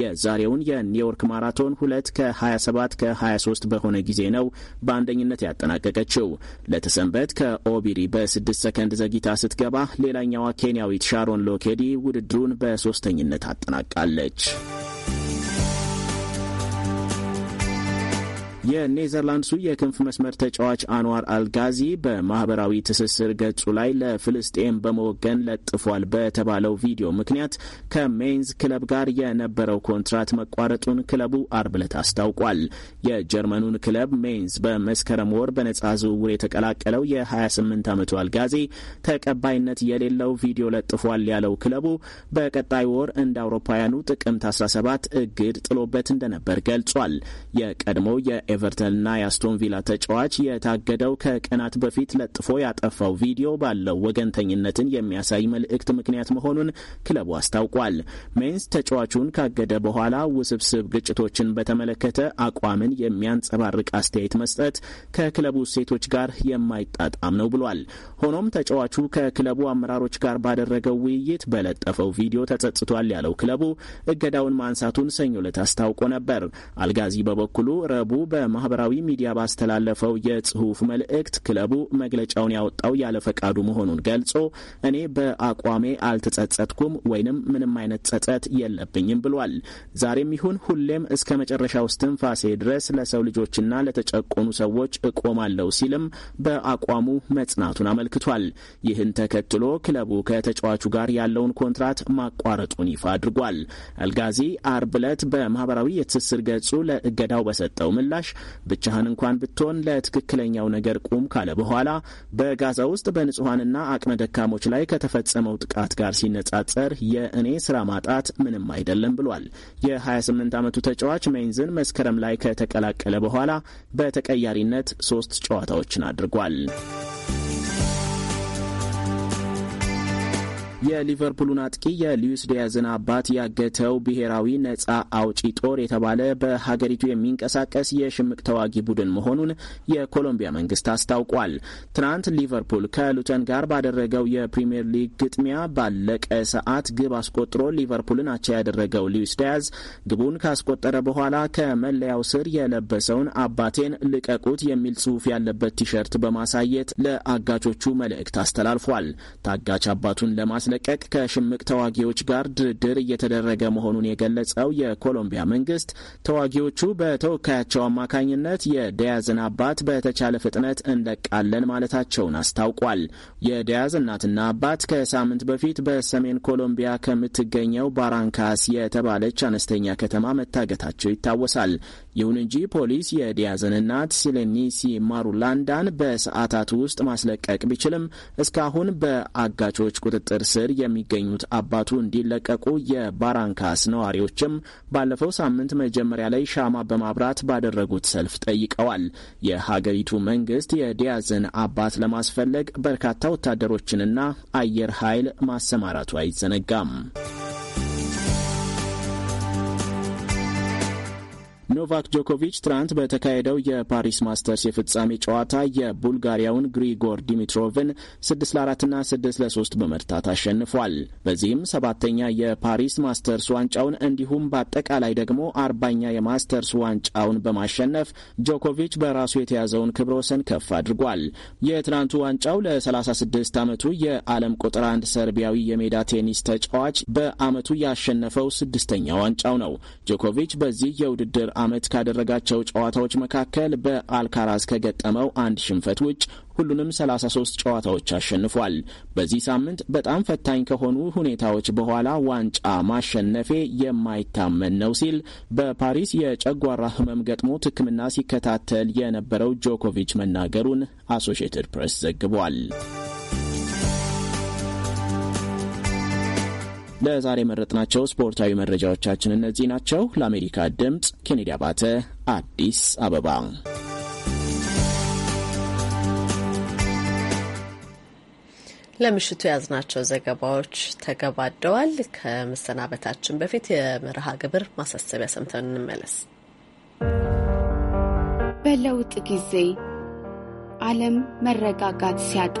የዛሬውን የኒው ኒውዮርክ ማራቶን ሁለት ከ27 ከ23 በሆነ ጊዜ ነው በአንደኝነት ያጠናቀቀችው። ለተሰንበት ከኦቢሪ በ6 ሰከንድ ዘግይታ ስትገባ፣ ሌላኛዋ ኬንያዊት ሻሮን ሎኬዲ ውድድሩን በሶስተኝነት አጠናቃለች። የኔዘርላንድሱ የክንፍ መስመር ተጫዋች አንዋር አልጋዚ በማህበራዊ ትስስር ገጹ ላይ ለፍልስጤም በመወገን ለጥፏል በተባለው ቪዲዮ ምክንያት ከሜንዝ ክለብ ጋር የነበረው ኮንትራት መቋረጡን ክለቡ አርብ ዕለት አስታውቋል። የጀርመኑን ክለብ ሜንዝ በመስከረም ወር በነጻ ዝውውር የተቀላቀለው የ28 ዓመቱ አልጋዚ ተቀባይነት የሌለው ቪዲዮ ለጥፏል ያለው ክለቡ በቀጣይ ወር እንደ አውሮፓውያኑ ጥቅምት 17 እግድ ጥሎበት እንደነበር ገልጿል። የቀድሞው የ የኤቨርተንና የአስቶን ቪላ ተጫዋች የታገደው ከቀናት በፊት ለጥፎ ያጠፋው ቪዲዮ ባለው ወገንተኝነትን የሚያሳይ መልእክት ምክንያት መሆኑን ክለቡ አስታውቋል። ሜንስ ተጫዋቹን ካገደ በኋላ ውስብስብ ግጭቶችን በተመለከተ አቋምን የሚያንጸባርቅ አስተያየት መስጠት ከክለቡ እሴቶች ጋር የማይጣጣም ነው ብሏል። ሆኖም ተጫዋቹ ከክለቡ አመራሮች ጋር ባደረገው ውይይት በለጠፈው ቪዲዮ ተጸጽቷል ያለው ክለቡ እገዳውን ማንሳቱን ሰኞ ዕለት አስታውቆ ነበር። አልጋዚ በበኩሉ ረቡዕ በማህበራዊ ሚዲያ ባስተላለፈው የጽሁፍ መልእክት ክለቡ መግለጫውን ያወጣው ያለ ፈቃዱ መሆኑን ገልጾ እኔ በአቋሜ አልተጸጸትኩም ወይንም ምንም አይነት ጸጸት የለብኝም ብሏል። ዛሬም ይሁን ሁሌም እስከ መጨረሻው እስትንፋሴ ድረስ ለሰው ልጆችና ለተጨቆኑ ሰዎች እቆማለሁ ሲልም በአቋሙ መጽናቱን አመልክቷል። ይህን ተከትሎ ክለቡ ከተጫዋቹ ጋር ያለውን ኮንትራት ማቋረጡን ይፋ አድርጓል። አልጋዚ አርብ ዕለት በማህበራዊ የትስስር ገጹ ለእገዳው በሰጠው ምላሽ ብቻህን እንኳን ብትሆን ለትክክለኛው ነገር ቁም ካለ በኋላ በጋዛ ውስጥ በንጹሐንና አቅመ ደካሞች ላይ ከተፈጸመው ጥቃት ጋር ሲነጻጸር የእኔ ስራ ማጣት ምንም አይደለም ብሏል። የ28 ዓመቱ ተጫዋች ሜንዝን መስከረም ላይ ከተቀላቀለ በኋላ በተቀያሪነት ሶስት ጨዋታዎችን አድርጓል። የሊቨርፑሉን አጥቂ የሉዊስ ዲያዝን አባት ያገተው ብሔራዊ ነጻ አውጪ ጦር የተባለ በሀገሪቱ የሚንቀሳቀስ የሽምቅ ተዋጊ ቡድን መሆኑን የኮሎምቢያ መንግስት አስታውቋል። ትናንት ሊቨርፑል ከሉተን ጋር ባደረገው የፕሪምየር ሊግ ግጥሚያ ባለቀ ሰዓት ግብ አስቆጥሮ ሊቨርፑልን አቻ ያደረገው ሉዊስ ዲያዝ ግቡን ካስቆጠረ በኋላ ከመለያው ስር የለበሰውን አባቴን ልቀቁት የሚል ጽሑፍ ያለበት ቲሸርት በማሳየት ለአጋቾቹ መልእክት አስተላልፏል። ታጋች አባቱን ለማስ ለማስለቀቅ ከሽምቅ ተዋጊዎች ጋር ድርድር እየተደረገ መሆኑን የገለጸው የኮሎምቢያ መንግስት ተዋጊዎቹ በተወካያቸው አማካኝነት የደያዝን አባት በተቻለ ፍጥነት እንለቃለን ማለታቸውን አስታውቋል። የደያዝ እናትና አባት ከሳምንት በፊት በሰሜን ኮሎምቢያ ከምትገኘው ባራንካስ የተባለች አነስተኛ ከተማ መታገታቸው ይታወሳል። ይሁን እንጂ ፖሊስ የዲያዝን እናት ሲሌኒሲ ማሩላንዳን በሰዓታት ውስጥ ማስለቀቅ ቢችልም እስካሁን በአጋቾች ቁጥጥር ስር ስር የሚገኙት አባቱ እንዲለቀቁ የባራንካስ ነዋሪዎችም ባለፈው ሳምንት መጀመሪያ ላይ ሻማ በማብራት ባደረጉት ሰልፍ ጠይቀዋል። የሀገሪቱ መንግስት የዲያዝን አባት ለማስፈለግ በርካታ ወታደሮችንና አየር ኃይል ማሰማራቱ አይዘነጋም። ኖቫክ ጆኮቪች ትናንት በተካሄደው የፓሪስ ማስተርስ የፍጻሜ ጨዋታ የቡልጋሪያውን ግሪጎር ዲሚትሮቭን 6 ለ4 ና 6 ለ3 በመርታት አሸንፏል። በዚህም ሰባተኛ የፓሪስ ማስተርስ ዋንጫውን እንዲሁም በአጠቃላይ ደግሞ አርባኛ የማስተርስ ዋንጫውን በማሸነፍ ጆኮቪች በራሱ የተያዘውን ክብረ ወሰን ከፍ አድርጓል። የትናንቱ ዋንጫው ለ36 ዓመቱ የዓለም ቁጥር አንድ ሰርቢያዊ የሜዳ ቴኒስ ተጫዋች በዓመቱ ያሸነፈው ስድስተኛ ዋንጫው ነው። ጆኮቪች በዚህ የውድድር ዓመት ካደረጋቸው ጨዋታዎች መካከል በአልካራዝ ከገጠመው አንድ ሽንፈት ውጭ ሁሉንም 33 ጨዋታዎች አሸንፏል። በዚህ ሳምንት በጣም ፈታኝ ከሆኑ ሁኔታዎች በኋላ ዋንጫ ማሸነፌ የማይታመን ነው ሲል በፓሪስ የጨጓራ ሕመም ገጥሞት ሕክምና ሲከታተል የነበረው ጆኮቪች መናገሩን አሶሽየትድ ፕሬስ ዘግቧል። ለዛሬ መረጥናቸው ስፖርታዊ መረጃዎቻችን እነዚህ ናቸው። ለአሜሪካ ድምፅ ኬኔዲ አባተ፣ አዲስ አበባ። ለምሽቱ የያዝናቸው ዘገባዎች ተገባደዋል። ከመሰናበታችን በፊት የመርሃ ግብር ማሳሰቢያ ሰምተን እንመለስ። በለውጥ ጊዜ ዓለም መረጋጋት ሲያጣ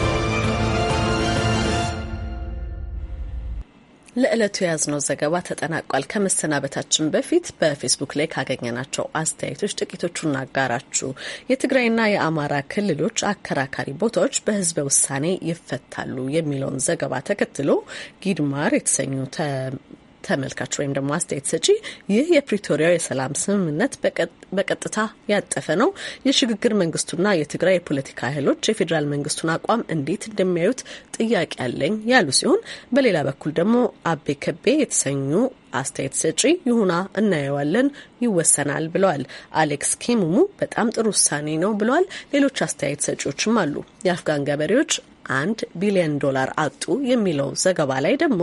ለዕለቱ የያዝነው ዘገባ ተጠናቋል። ከመሰናበታችን በፊት በፌስቡክ ላይ ካገኘናቸው አስተያየቶች ጥቂቶቹን አጋራችሁ። የትግራይና የአማራ ክልሎች አከራካሪ ቦታዎች በህዝበ ውሳኔ ይፈታሉ የሚለውን ዘገባ ተከትሎ ጊድማር የተሰኙ ተመልካች ወይም ደግሞ አስተያየት ሰጪ ይህ የፕሪቶሪያው የሰላም ስምምነት በቀጥታ ያጠፈ ነው። የሽግግር መንግስቱና የትግራይ የፖለቲካ ኃይሎች የፌዴራል መንግስቱን አቋም እንዴት እንደሚያዩት ጥያቄ አለኝ ያሉ ሲሆን በሌላ በኩል ደግሞ አቤ ከቤ የተሰኙ አስተያየት ሰጪ ይሁና እናየዋለን ይወሰናል ብለዋል። አሌክስ ኬሙሙ በጣም ጥሩ ውሳኔ ነው ብለዋል። ሌሎች አስተያየት ሰጪዎችም አሉ። የአፍጋን ገበሬዎች አንድ ቢሊዮን ዶላር አጡ የሚለው ዘገባ ላይ ደግሞ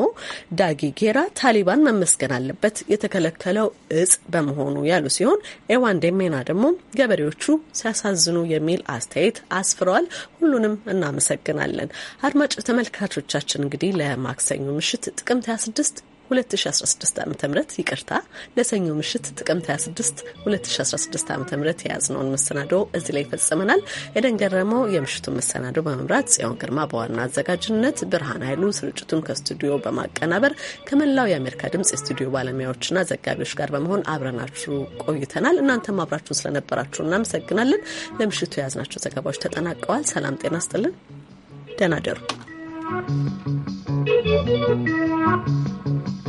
ዳጊ ጌራ ታሊባን መመስገን አለበት የተከለከለው እጽ በመሆኑ ያሉ ሲሆን ኤዋን ደሜና ደግሞ ገበሬዎቹ ሲያሳዝኑ የሚል አስተያየት አስፍረዋል። ሁሉንም እናመሰግናለን። አድማጭ ተመልካቾቻችን እንግዲህ ለማክሰኞ ምሽት ጥቅምት 26 2016 ዓ ም ይቅርታ ለሰኞ ምሽት ጥቅምት 26 2016 ዓ ም የያዝነውን መሰናዶ እዚህ ላይ ይፈጽመናል። ኤደን ገረመው የምሽቱን መሰናዶ በመምራት ጽዮን ግርማ በዋና አዘጋጅነት፣ ብርሃን ኃይሉ ስርጭቱን ከስቱዲዮ በማቀናበር ከመላው የአሜሪካ ድምፅ የስቱዲዮ ባለሙያዎችና ዘጋቢዎች ጋር በመሆን አብረናችሁ ቆይተናል። እናንተም አብራችሁን ስለነበራችሁ እናመሰግናለን። ለምሽቱ የያዝናቸው ዘገባዎች ተጠናቀዋል። ሰላም ጤና ስጥልን። ደህና ደሩ። Thank you.